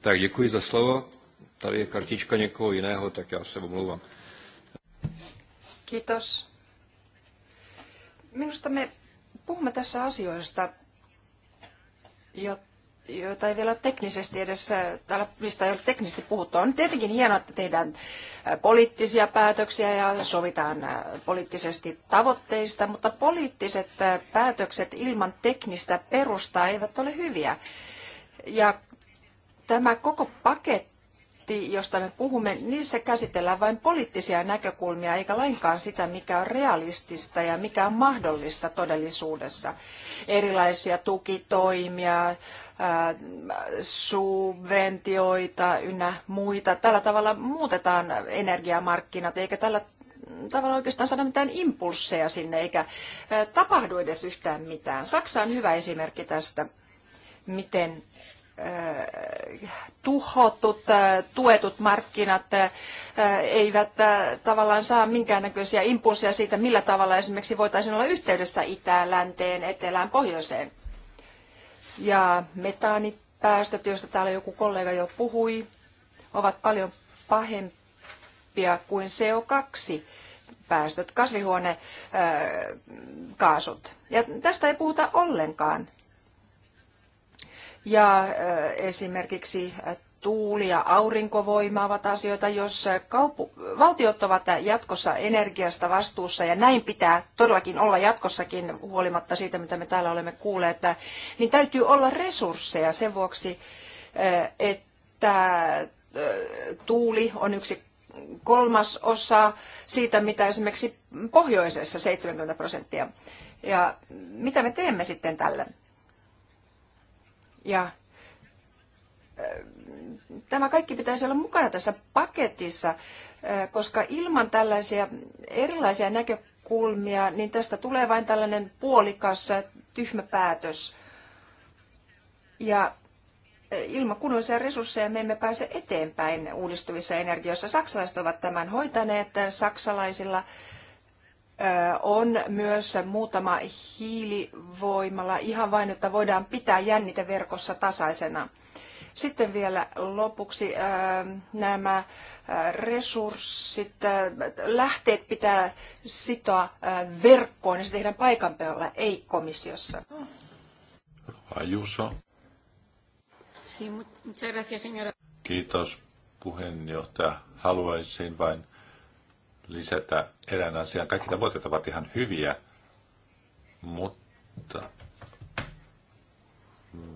Tak děkuji za slovo. Tady je kartička někoho jiného, tak já se omlouvám. Kiitos. Minusta me puhumme tässä asioista, jotka joita ei vielä teknisesti edes, äh, täällä mistä ei ole teknisesti puhuttu. On tietenkin hienoa, että tehdään äh, poliittisia päätöksiä ja sovitaan äh, poliittisesti tavoitteista, mutta poliittiset päätökset ilman teknistä perustaa eivät ole hyviä. Ja tämä koko paketti paketti, josta me puhumme, niissä käsitellään vain poliittisia näkökulmia eikä lainkaan sitä, mikä on realistista ja mikä on mahdollista todellisuudessa. Erilaisia tukitoimia, subventioita ynnä muita. Tällä tavalla muutetaan energiamarkkinat eikä tällä tavalla oikeastaan saada mitään impulsseja sinne eikä tapahdu edes yhtään mitään. Saksa on hyvä esimerkki tästä, miten tuhotut, tuetut markkinat eivät tavallaan saa minkäännäköisiä impulsseja siitä, millä tavalla esimerkiksi voitaisiin olla yhteydessä itään, länteen, etelään, pohjoiseen. Ja metaanipäästöt, joista täällä joku kollega jo puhui, ovat paljon pahempia kuin CO2 päästöt, kasvihuonekaasut. Ja tästä ei puhuta ollenkaan ja esimerkiksi tuuli- ja aurinkovoima ovat asioita, jos kaupu- valtiot ovat jatkossa energiasta vastuussa, ja näin pitää todellakin olla jatkossakin huolimatta siitä, mitä me täällä olemme kuulleet, niin täytyy olla resursseja sen vuoksi, että tuuli on yksi kolmas osa siitä, mitä esimerkiksi pohjoisessa 70 prosenttia. Ja mitä me teemme sitten tälle? Ja äh, tämä kaikki pitäisi olla mukana tässä paketissa, äh, koska ilman tällaisia erilaisia näkökulmia, niin tästä tulee vain tällainen puolikas äh, tyhmä päätös. Ja ilman kunnollisia resursseja me emme pääse eteenpäin uudistuvissa energioissa. Saksalaiset ovat tämän hoitaneet. Saksalaisilla on myös muutama hiilivoimala ihan vain, että voidaan pitää jännite verkossa tasaisena. Sitten vielä lopuksi nämä resurssit, lähteet pitää sitoa verkkoon ja se tehdään paikan päällä, ei komissiossa. Ajuso. Kiitos puheenjohtaja. Haluaisin vain lisätä erään asian. Kaikki tavoitteet ovat ihan hyviä, mutta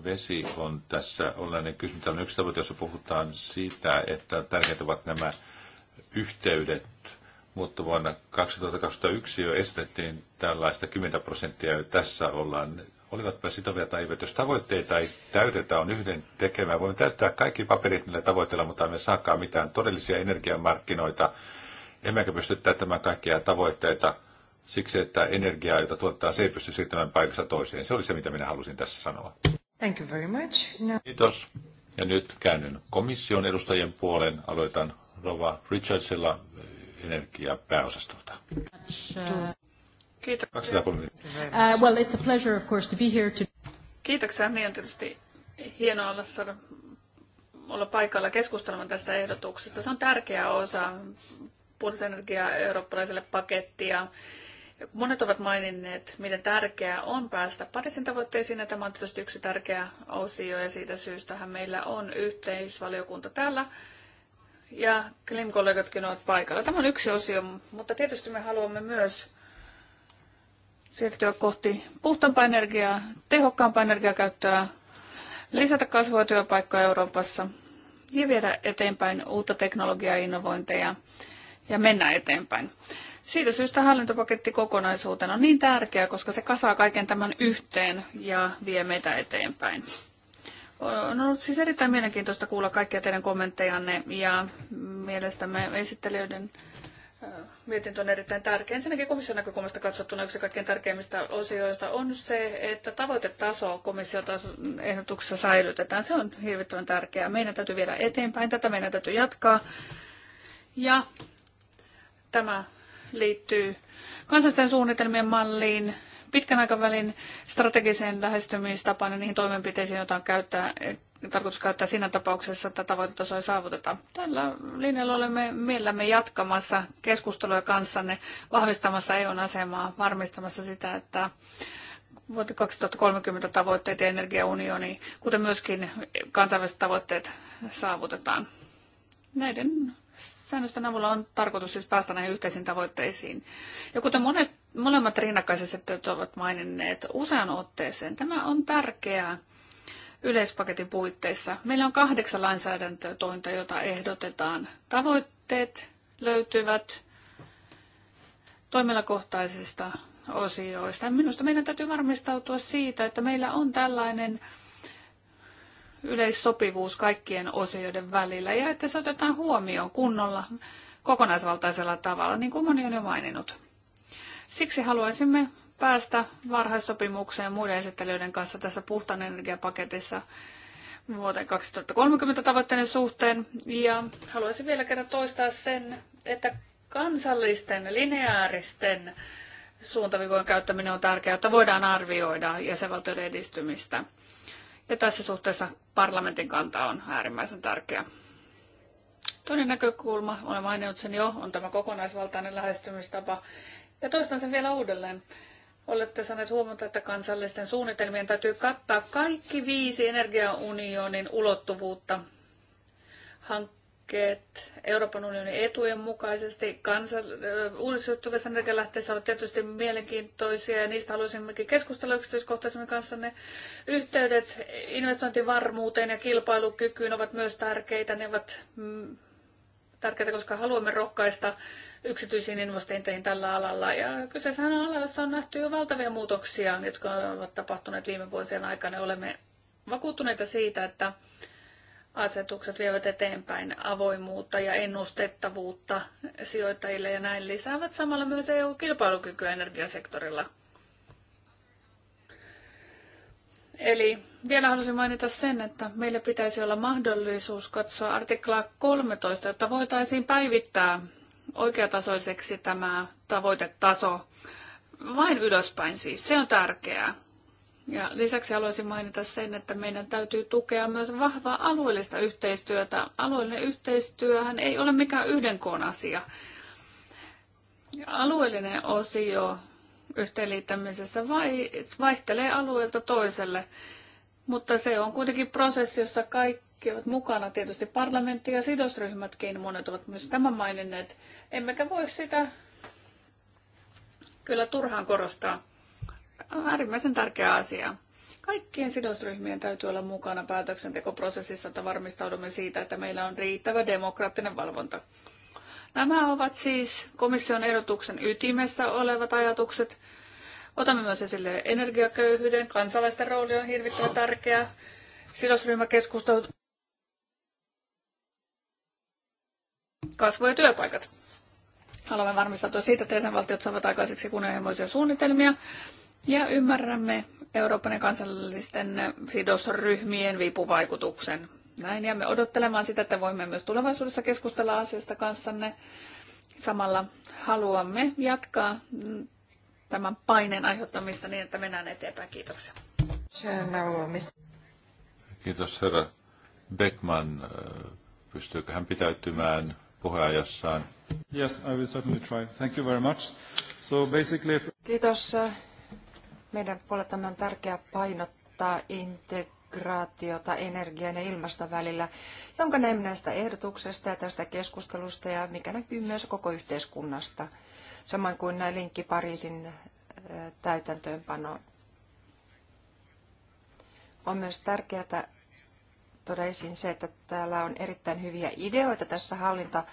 vesi on tässä olennainen kysymys. Tämä on yksi tavoite, jossa puhutaan siitä, että tärkeitä ovat nämä yhteydet, mutta vuonna 2021 jo esitettiin tällaista 10 prosenttia, ja tässä ollaan olivatpa sitovia tai eivät. Jos tavoitteita ei täydetä, on yhden tekemään. Voimme täyttää kaikki paperit niillä tavoitteilla, mutta emme saakaan mitään todellisia energiamarkkinoita Emmekä pysty täyttämään kaikkia tavoitteita siksi, että energiaa, jota tuottaa, se ei pysty siirtämään paikasta toiseen. Se oli se, mitä minä halusin tässä sanoa. Thank you very much. No. Kiitos. Ja nyt käännyn komission edustajien puolen Aloitan Rova Richardsilla eh, energiapääosastolta. Kiitoksia. Uh, well, it's a pleasure, of course, to be here to... Kiitoksia. Niin on tietysti hienoa olla, olla paikalla keskustelemaan tästä ehdotuksesta. Se on tärkeä osa puhdasta energiaa eurooppalaiselle pakettia. Monet ovat maininneet, miten tärkeää on päästä Pariisin tavoitteisiin, ja tämä on tietysti yksi tärkeä osio, ja siitä syystähän meillä on yhteisvaliokunta täällä, ja Klim-kollegatkin ovat paikalla. Tämä on yksi osio, mutta tietysti me haluamme myös siirtyä kohti puhtaampaa energiaa, tehokkaampaa energiakäyttöä, lisätä kasvua työpaikkoja Euroopassa ja viedä eteenpäin uutta teknologiaa ja innovointeja ja mennä eteenpäin. Siitä syystä hallintopaketti kokonaisuutena on niin tärkeä, koska se kasaa kaiken tämän yhteen ja vie meitä eteenpäin. On ollut siis erittäin mielenkiintoista kuulla kaikkia teidän kommenttejanne ja mielestämme esittelijöiden äh, mietintö on erittäin tärkeä. Ensinnäkin komission näkökulmasta katsottuna yksi kaikkein tärkeimmistä osioista on se, että tavoitetaso komission ehdotuksessa säilytetään. Se on hirvittävän tärkeää. Meidän täytyy viedä eteenpäin tätä, meidän täytyy jatkaa. Ja Tämä liittyy kansallisten suunnitelmien malliin, pitkän aikavälin strategiseen lähestymistapaan ja niihin toimenpiteisiin, joita on käyttää, tarkoitus käyttää siinä tapauksessa, että tavoitetaso ei saavuteta. Tällä linjalla olemme mielellämme jatkamassa keskusteluja kanssanne, vahvistamassa EUn asemaa, varmistamassa sitä, että vuoteen 2030 tavoitteet ja energiaunioni, kuten myöskin kansainväliset tavoitteet saavutetaan. Näiden Säännösten avulla on tarkoitus siis päästä näihin yhteisiin tavoitteisiin. Ja kuten monet, molemmat rinnakkaiset ovat maininneet usean otteeseen, tämä on tärkeää yleispaketin puitteissa. Meillä on kahdeksan lainsäädäntötointa, jota ehdotetaan. Tavoitteet löytyvät toimialakohtaisista osioista. Minusta meidän täytyy varmistautua siitä, että meillä on tällainen yleissopivuus kaikkien osioiden välillä ja että se otetaan huomioon kunnolla kokonaisvaltaisella tavalla, niin kuin moni on jo maininnut. Siksi haluaisimme päästä varhaissopimukseen muiden esittelijöiden kanssa tässä puhtaan energiapaketissa vuoteen 2030 tavoitteiden suhteen. Ja haluaisin vielä kerran toistaa sen, että kansallisten lineaaristen suuntavivojen käyttäminen on tärkeää, että voidaan arvioida jäsenvaltioiden edistymistä. Ja tässä suhteessa parlamentin kanta on äärimmäisen tärkeä. Toinen näkökulma, olen maininnut sen jo, on tämä kokonaisvaltainen lähestymistapa. Ja toistan sen vielä uudelleen. Olette saaneet huomata, että kansallisten suunnitelmien täytyy kattaa kaikki viisi energiaunionin ulottuvuutta. Hank- hankkeet Euroopan unionin etujen mukaisesti uudistettavissa energialähteissä ovat tietysti mielenkiintoisia ja niistä haluaisimmekin keskustella yksityiskohtaisemmin kanssanne. Yhteydet investointivarmuuteen ja kilpailukykyyn ovat myös tärkeitä. Ne ovat mm, tärkeitä, koska haluamme rohkaista yksityisiin investointeihin tällä alalla. Ja kyseessähän on ala, jossa on nähty jo valtavia muutoksia, jotka ovat tapahtuneet viime vuosien aikana. Olemme vakuuttuneita siitä, että asetukset vievät eteenpäin avoimuutta ja ennustettavuutta sijoittajille ja näin lisäävät samalla myös EU-kilpailukykyä energiasektorilla. Eli vielä halusin mainita sen, että meillä pitäisi olla mahdollisuus katsoa artiklaa 13, jotta voitaisiin päivittää oikeatasoiseksi tämä tavoitetaso. Vain ylöspäin siis, se on tärkeää. Ja lisäksi haluaisin mainita sen, että meidän täytyy tukea myös vahvaa alueellista yhteistyötä. Alueellinen yhteistyöhän ei ole mikään yhden koon asia. Alueellinen osio yhteenliittämisessä vaihtelee alueelta toiselle, mutta se on kuitenkin prosessi, jossa kaikki ovat mukana, tietysti parlamentti ja sidosryhmätkin, monet ovat myös tämän maininneet. Emmekä voi sitä kyllä turhaan korostaa äärimmäisen tärkeä asia. Kaikkien sidosryhmien täytyy olla mukana päätöksentekoprosessissa, että varmistaudumme siitä, että meillä on riittävä demokraattinen valvonta. Nämä ovat siis komission ehdotuksen ytimessä olevat ajatukset. Otamme myös esille energiaköyhyyden. Kansalaisten rooli on hirvittävän tärkeä. Sidosryhmäkeskustelut. Kasvu- ja työpaikat. Haluamme varmistautua siitä, että jäsenvaltiot saavat aikaiseksi kunnianhimoisia suunnitelmia ja ymmärrämme Euroopan ja kansallisten sidosryhmien vipuvaikutuksen. Näin jäämme odottelemaan sitä, että voimme myös tulevaisuudessa keskustella asiasta kanssanne. Samalla haluamme jatkaa tämän paineen aiheuttamista niin, että mennään eteenpäin. Kiitoksia. Kiitos herra Beckman. Pystyykö hän pitäytymään puheajassaan? Yes, I will certainly try. Thank you very much. So basically... Kiitos. Meidän puoleltamme on tärkeää painottaa integraatiota energian ja ilmaston välillä, jonka näemme näistä ehdotuksesta ja tästä keskustelusta ja mikä näkyy myös koko yhteiskunnasta, samoin kuin näin linkki Pariisin täytäntöönpano. On myös tärkeää todella se, että täällä on erittäin hyviä ideoita tässä hallinta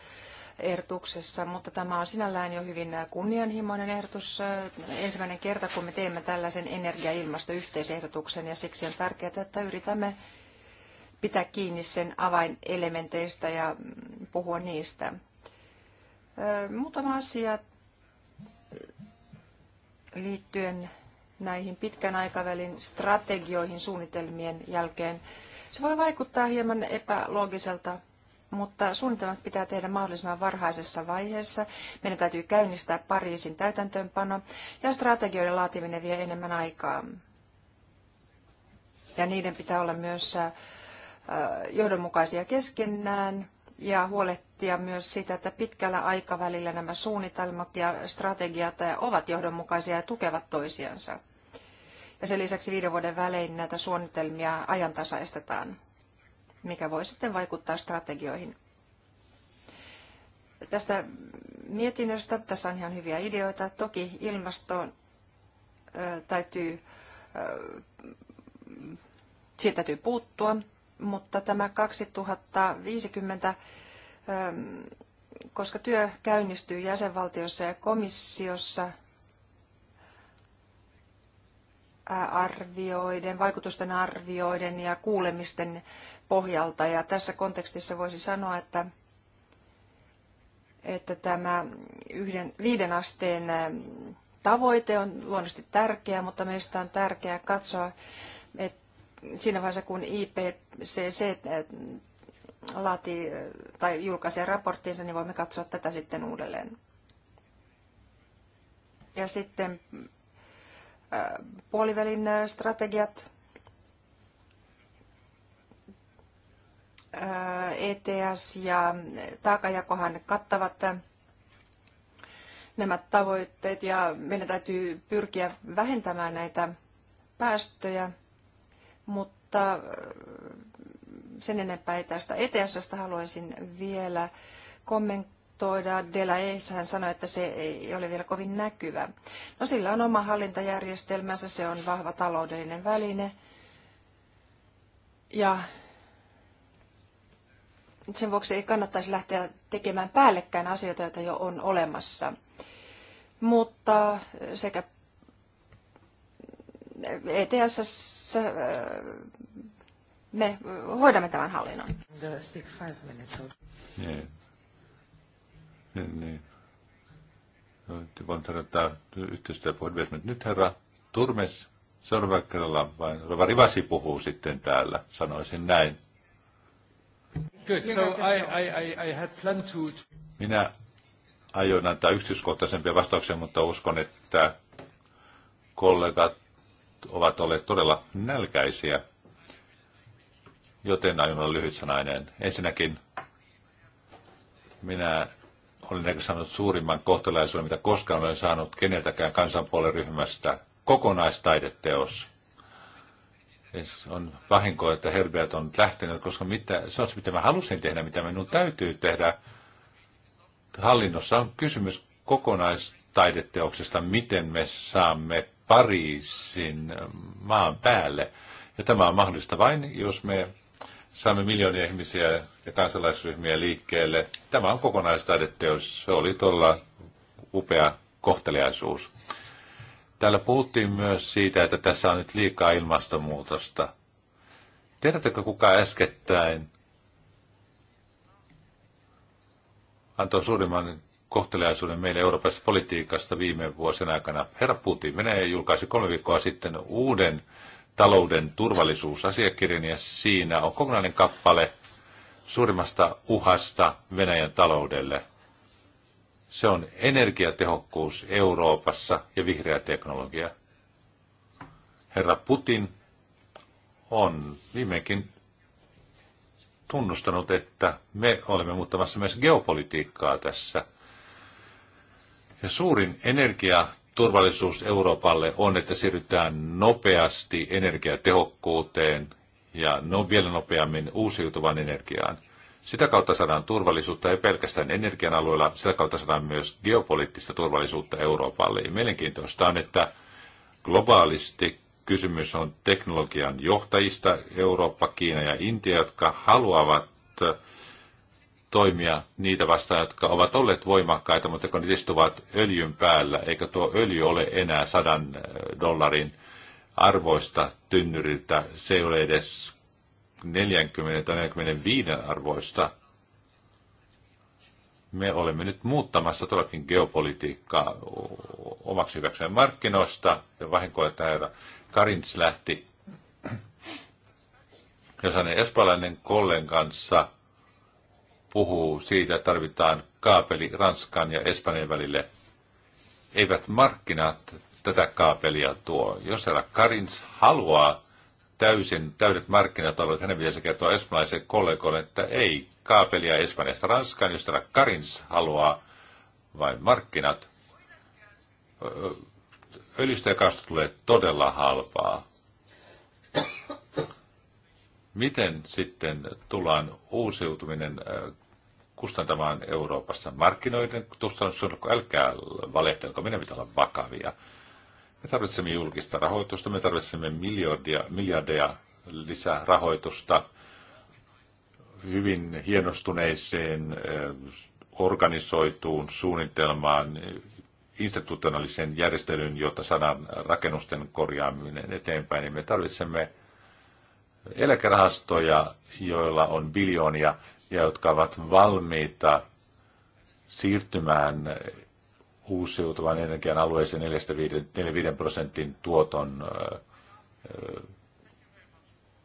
ehdotuksessa, mutta tämä on sinällään jo hyvin kunnianhimoinen ehdotus. Ensimmäinen kerta, kun me teemme tällaisen energia- ja ilmastoyhteisehdotuksen, ja siksi on tärkeää, että yritämme pitää kiinni sen avainelementeistä ja puhua niistä. Muutama asia liittyen näihin pitkän aikavälin strategioihin suunnitelmien jälkeen. Se voi vaikuttaa hieman epäloogiselta, mutta suunnitelmat pitää tehdä mahdollisimman varhaisessa vaiheessa. Meidän täytyy käynnistää Pariisin täytäntöönpano ja strategioiden laatiminen vie enemmän aikaa. Ja niiden pitää olla myös äh, johdonmukaisia keskenään ja huolehtia myös siitä, että pitkällä aikavälillä nämä suunnitelmat ja strategiat äh, ovat johdonmukaisia ja tukevat toisiansa. Ja sen lisäksi viiden vuoden välein näitä suunnitelmia ajantasaistetaan mikä voi sitten vaikuttaa strategioihin. Tästä mietinnöstä, tässä on ihan hyviä ideoita. Toki ilmastoon täytyy, siitä täytyy puuttua, mutta tämä 2050, koska työ käynnistyy jäsenvaltiossa ja komissiossa, arvioiden, vaikutusten arvioiden ja kuulemisten pohjalta. Ja tässä kontekstissa voisi sanoa, että, että tämä yhden, viiden asteen tavoite on luonnollisesti tärkeä, mutta meistä on tärkeää katsoa, että siinä vaiheessa kun IPCC laatii tai julkaisee raporttinsa, niin voimme katsoa tätä sitten uudelleen. Ja sitten puolivälin strategiat Äh, ETS ja taakajakohan kattavat nämä tavoitteet ja meidän täytyy pyrkiä vähentämään näitä päästöjä, mutta äh, sen enempää ei tästä ets haluaisin vielä kommentoida. Dela Eis, hän sanoi, että se ei ole vielä kovin näkyvä. No sillä on oma hallintajärjestelmänsä, se on vahva taloudellinen väline. Ja sen vuoksi ei kannattaisi lähteä tekemään päällekkäin asioita, joita jo on olemassa. Mutta sekä ETS äh, me hoidamme tämän hallinnon. Niin. Niin, niin. Nyt herra Turmes, seuraava kerralla vain Rivasi puhuu sitten täällä, sanoisin näin. Good. So I, had planned to... Minä aion antaa yksityiskohtaisempia vastauksia, mutta uskon, että kollegat ovat olleet todella nälkäisiä, joten aion olla sanainen. Ensinnäkin minä olen ehkä saanut suurimman kohtalaisuuden, mitä koskaan olen saanut keneltäkään kansanpuolen ryhmästä. Kokonaistaideteos on vahinko, että Herbert on lähtenyt, koska mitä, se on se, mitä mä halusin tehdä, mitä minun täytyy tehdä. Hallinnossa on kysymys kokonaistaideteoksesta, miten me saamme Pariisin maan päälle. Ja tämä on mahdollista vain, jos me saamme miljoonia ihmisiä ja kansalaisryhmiä liikkeelle. Tämä on kokonaistaideteos. Se oli tuolla upea kohteliaisuus. Täällä puhuttiin myös siitä, että tässä on nyt liikaa ilmastonmuutosta. Tiedättekö kuka äskettäin antoi suurimman kohteliaisuuden meille Euroopassa politiikasta viime vuosien aikana. Herra Putin, Venäjä julkaisi kolme viikkoa sitten uuden talouden turvallisuusasiakirjan ja siinä on kokonainen kappale suurimmasta uhasta Venäjän taloudelle – se on energiatehokkuus Euroopassa ja vihreä teknologia. Herra Putin on viimeinkin tunnustanut, että me olemme muuttamassa myös geopolitiikkaa tässä. Ja suurin energiaturvallisuus Euroopalle on, että siirrytään nopeasti energiatehokkuuteen ja no, vielä nopeammin uusiutuvan energiaan. Sitä kautta saadaan turvallisuutta ei pelkästään energian alueella, sitä kautta saadaan myös geopoliittista turvallisuutta Euroopalle. Ja mielenkiintoista on, että globaalisti kysymys on teknologian johtajista, Eurooppa, Kiina ja Intia, jotka haluavat äh, toimia niitä vastaan, jotka ovat olleet voimakkaita, mutta kun ne istuvat öljyn päällä, eikä tuo öljy ole enää sadan äh, dollarin arvoista tynnyriltä, se ei ole edes 40 tai 45 arvoista. Me olemme nyt muuttamassa todellakin geopolitiikkaa omaksi hyväkseen markkinoista ja vahinkoa täällä. Karins lähti jos hänen espanjalainen kollegansa puhuu siitä, että tarvitaan kaapeli Ranskan ja Espanjan välille, eivät markkinat tätä kaapelia tuo. Jos herra Karins haluaa täysin täydet markkinatalot. hänen pitäisi kertoa espanjalaisille kollegoille, että ei kaapelia Espanjasta Ranskaan, jos täällä Karins haluaa vain markkinat. Öljystä ja tulee todella halpaa. Miten sitten tullaan uusiutuminen kustantamaan Euroopassa markkinoiden kustannus, älkää valehtelko, minä pitää olla vakavia. Me tarvitsemme julkista rahoitusta, me tarvitsemme miljardia, miljardeja lisää rahoitusta hyvin hienostuneeseen, eh, organisoituun suunnitelmaan, eh, institutionaalisen järjestelyn, jotta saadaan rakennusten korjaaminen eteenpäin, niin me tarvitsemme eläkerahastoja, joilla on biljoonia ja jotka ovat valmiita siirtymään uusiutuvan energian alueeseen 4-5 prosentin tuoton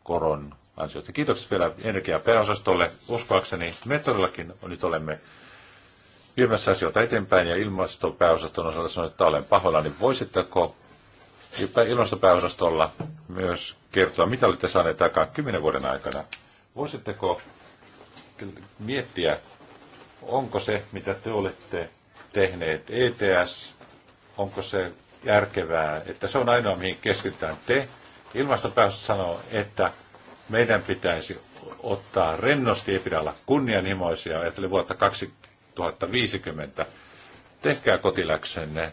koron ansiosta. Kiitokset vielä energiapääosastolle. Uskoakseni me todellakin nyt olemme viemässä asioita eteenpäin ja ilmastopääosaston osalta sanoin, että olen pahoillani. Niin voisitteko ilmastopääosastolla myös kertoa, mitä olette saaneet aikaan kymmenen vuoden aikana? Voisitteko miettiä, onko se, mitä te olette tehneet ETS, onko se järkevää, että se on ainoa, mihin keskitytään. Te ilmastopäässä sanoo, että meidän pitäisi ottaa rennosti, ei pidä olla kunnianhimoisia, ajattelin vuotta 2050. Tehkää kotiläksenne.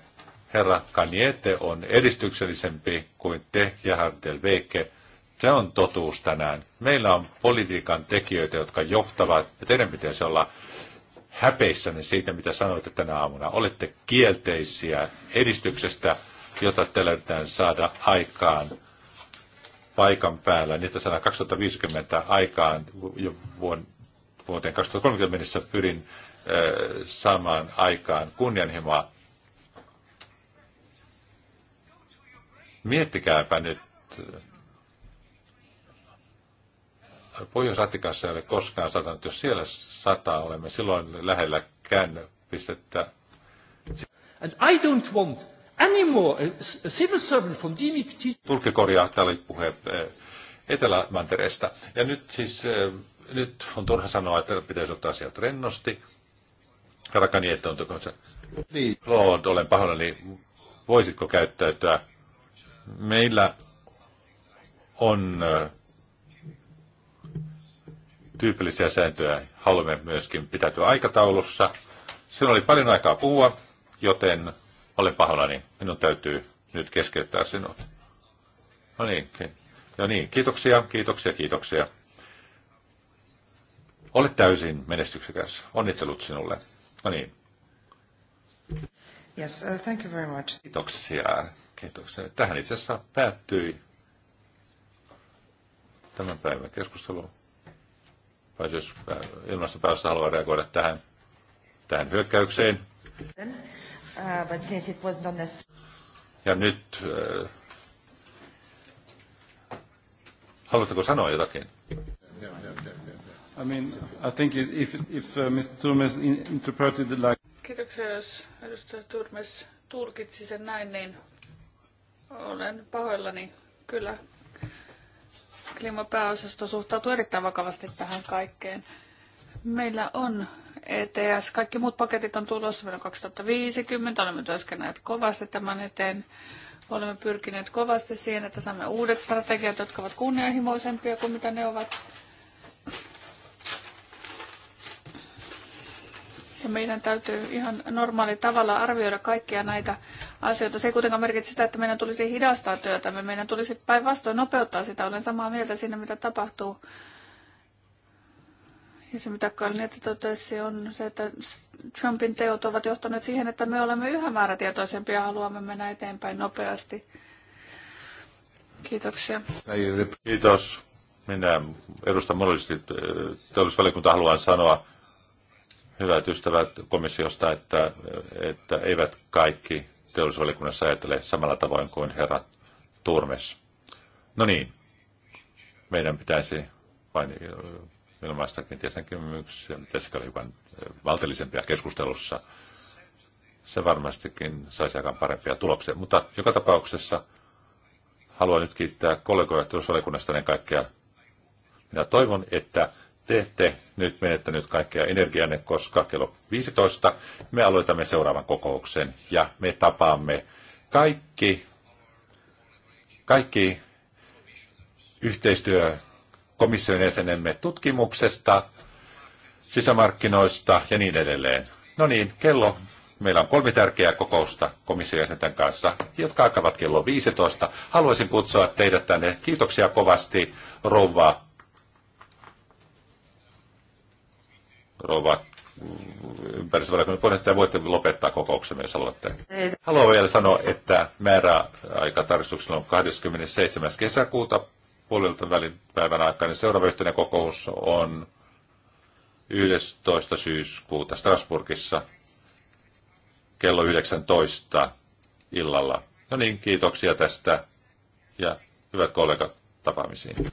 Herra Kaniete on edistyksellisempi kuin te ja Veikke. Se on totuus tänään. Meillä on politiikan tekijöitä, jotka johtavat, ja teidän pitäisi olla häpeissänne siitä, mitä sanoitte tänä aamuna. Olette kielteisiä edistyksestä, jota teillä saada aikaan paikan päällä. Niin, että saadaan 2050 aikaan jo vuoteen 2030 mennessä pyrin saamaan aikaan kunnianhimoa. Miettikääpä nyt Pohjois-Atlantikassa ei ole koskaan satanut. Jos siellä sataa, olemme silloin lähellä käännöpistettä. And I don't want any more uh, a civil servant from DMPT. Tulkki korjaa, tämä oli puhe eh, Etelä-Mantereesta. Ja nyt siis, eh, nyt on turha sanoa, että pitäisi ottaa asiat rennosti. Rakani, että on se? Niin. Lord, olen niin Voisitko käyttäytyä? Meillä on eh, tyypillisiä sääntöjä. Haluamme myöskin pitäytyä aikataulussa. Sinulla oli paljon aikaa puhua, joten olen pahoillani. Minun täytyy nyt keskeyttää sinut. No niin, no niin, kiitoksia, kiitoksia, kiitoksia. Olet täysin menestyksekäs. Onnittelut sinulle. No niin. Yes, uh, thank you very much. Kiitoksia. Kiitoksia. Tähän itse asiassa päättyi tämän päivän keskustelu. Vai jos äh, ilmastopäässä haluaa reagoida tähän, tähän hyökkäykseen. Ja nyt, äh, haluatteko sanoa jotakin? I mean, I think if, if uh, Mr. Turmes interpreted like... Kiitoksia, jos edustaja Turmes tulkitsi sen näin, niin olen pahoillani. Kyllä, Klimapääosasto suhtautuu erittäin vakavasti tähän kaikkeen. Meillä on ETS. Kaikki muut paketit on tulossa vielä 2050. Olemme työskennelleet kovasti tämän eteen. Olemme pyrkineet kovasti siihen, että saamme uudet strategiat, jotka ovat kunnianhimoisempia kuin mitä ne ovat Ja meidän täytyy ihan normaali tavalla arvioida kaikkia näitä asioita. Se ei kuitenkaan merkitse sitä, että meidän tulisi hidastaa työtä, Meidän tulisi päinvastoin nopeuttaa sitä. Olen samaa mieltä siinä, mitä tapahtuu. Ja se, mitä Kalnieta totesi, on se, että Trumpin teot ovat johtaneet siihen, että me olemme yhä määrätietoisempia ja haluamme mennä eteenpäin nopeasti. Kiitoksia. Kiitos. Minä edustan monellisesti teollisuusvaliokunta haluan sanoa, hyvät ystävät komissiosta, että, että eivät kaikki teollisuusvaliokunnassa ajattele samalla tavoin kuin herra Turmes. No niin, meidän pitäisi vain ilmaista kenties näkemyksiä, pitäisikö olla hiukan eh, valtellisempia keskustelussa. Se varmastikin saisi aikaan parempia tuloksia. Mutta joka tapauksessa haluan nyt kiittää kollegoja teollisuusvaliokunnasta ennen kaikkea. Minä toivon, että nyt menette nyt kaikkea energianne, koska kello 15 me aloitamme seuraavan kokouksen ja me tapaamme kaikki, kaikki yhteistyökomission jäsenemme tutkimuksesta, sisämarkkinoista ja niin edelleen. No niin, kello. Meillä on kolme tärkeää kokousta komission jäsenten kanssa, jotka alkavat kello 15. Haluaisin kutsua teidät tänne. Kiitoksia kovasti, rouva rouva mm, ympäristövaliokunnan puheenjohtaja, voitte lopettaa kokouksemme, jos haluatte. Haluan vielä sanoa, että määräaikatarkistuksella on 27. kesäkuuta puolilta välin päivän niin Seuraava yhteinen kokous on 11. syyskuuta Strasburgissa kello 19 illalla. No niin, kiitoksia tästä ja hyvät kollegat tapaamisiin.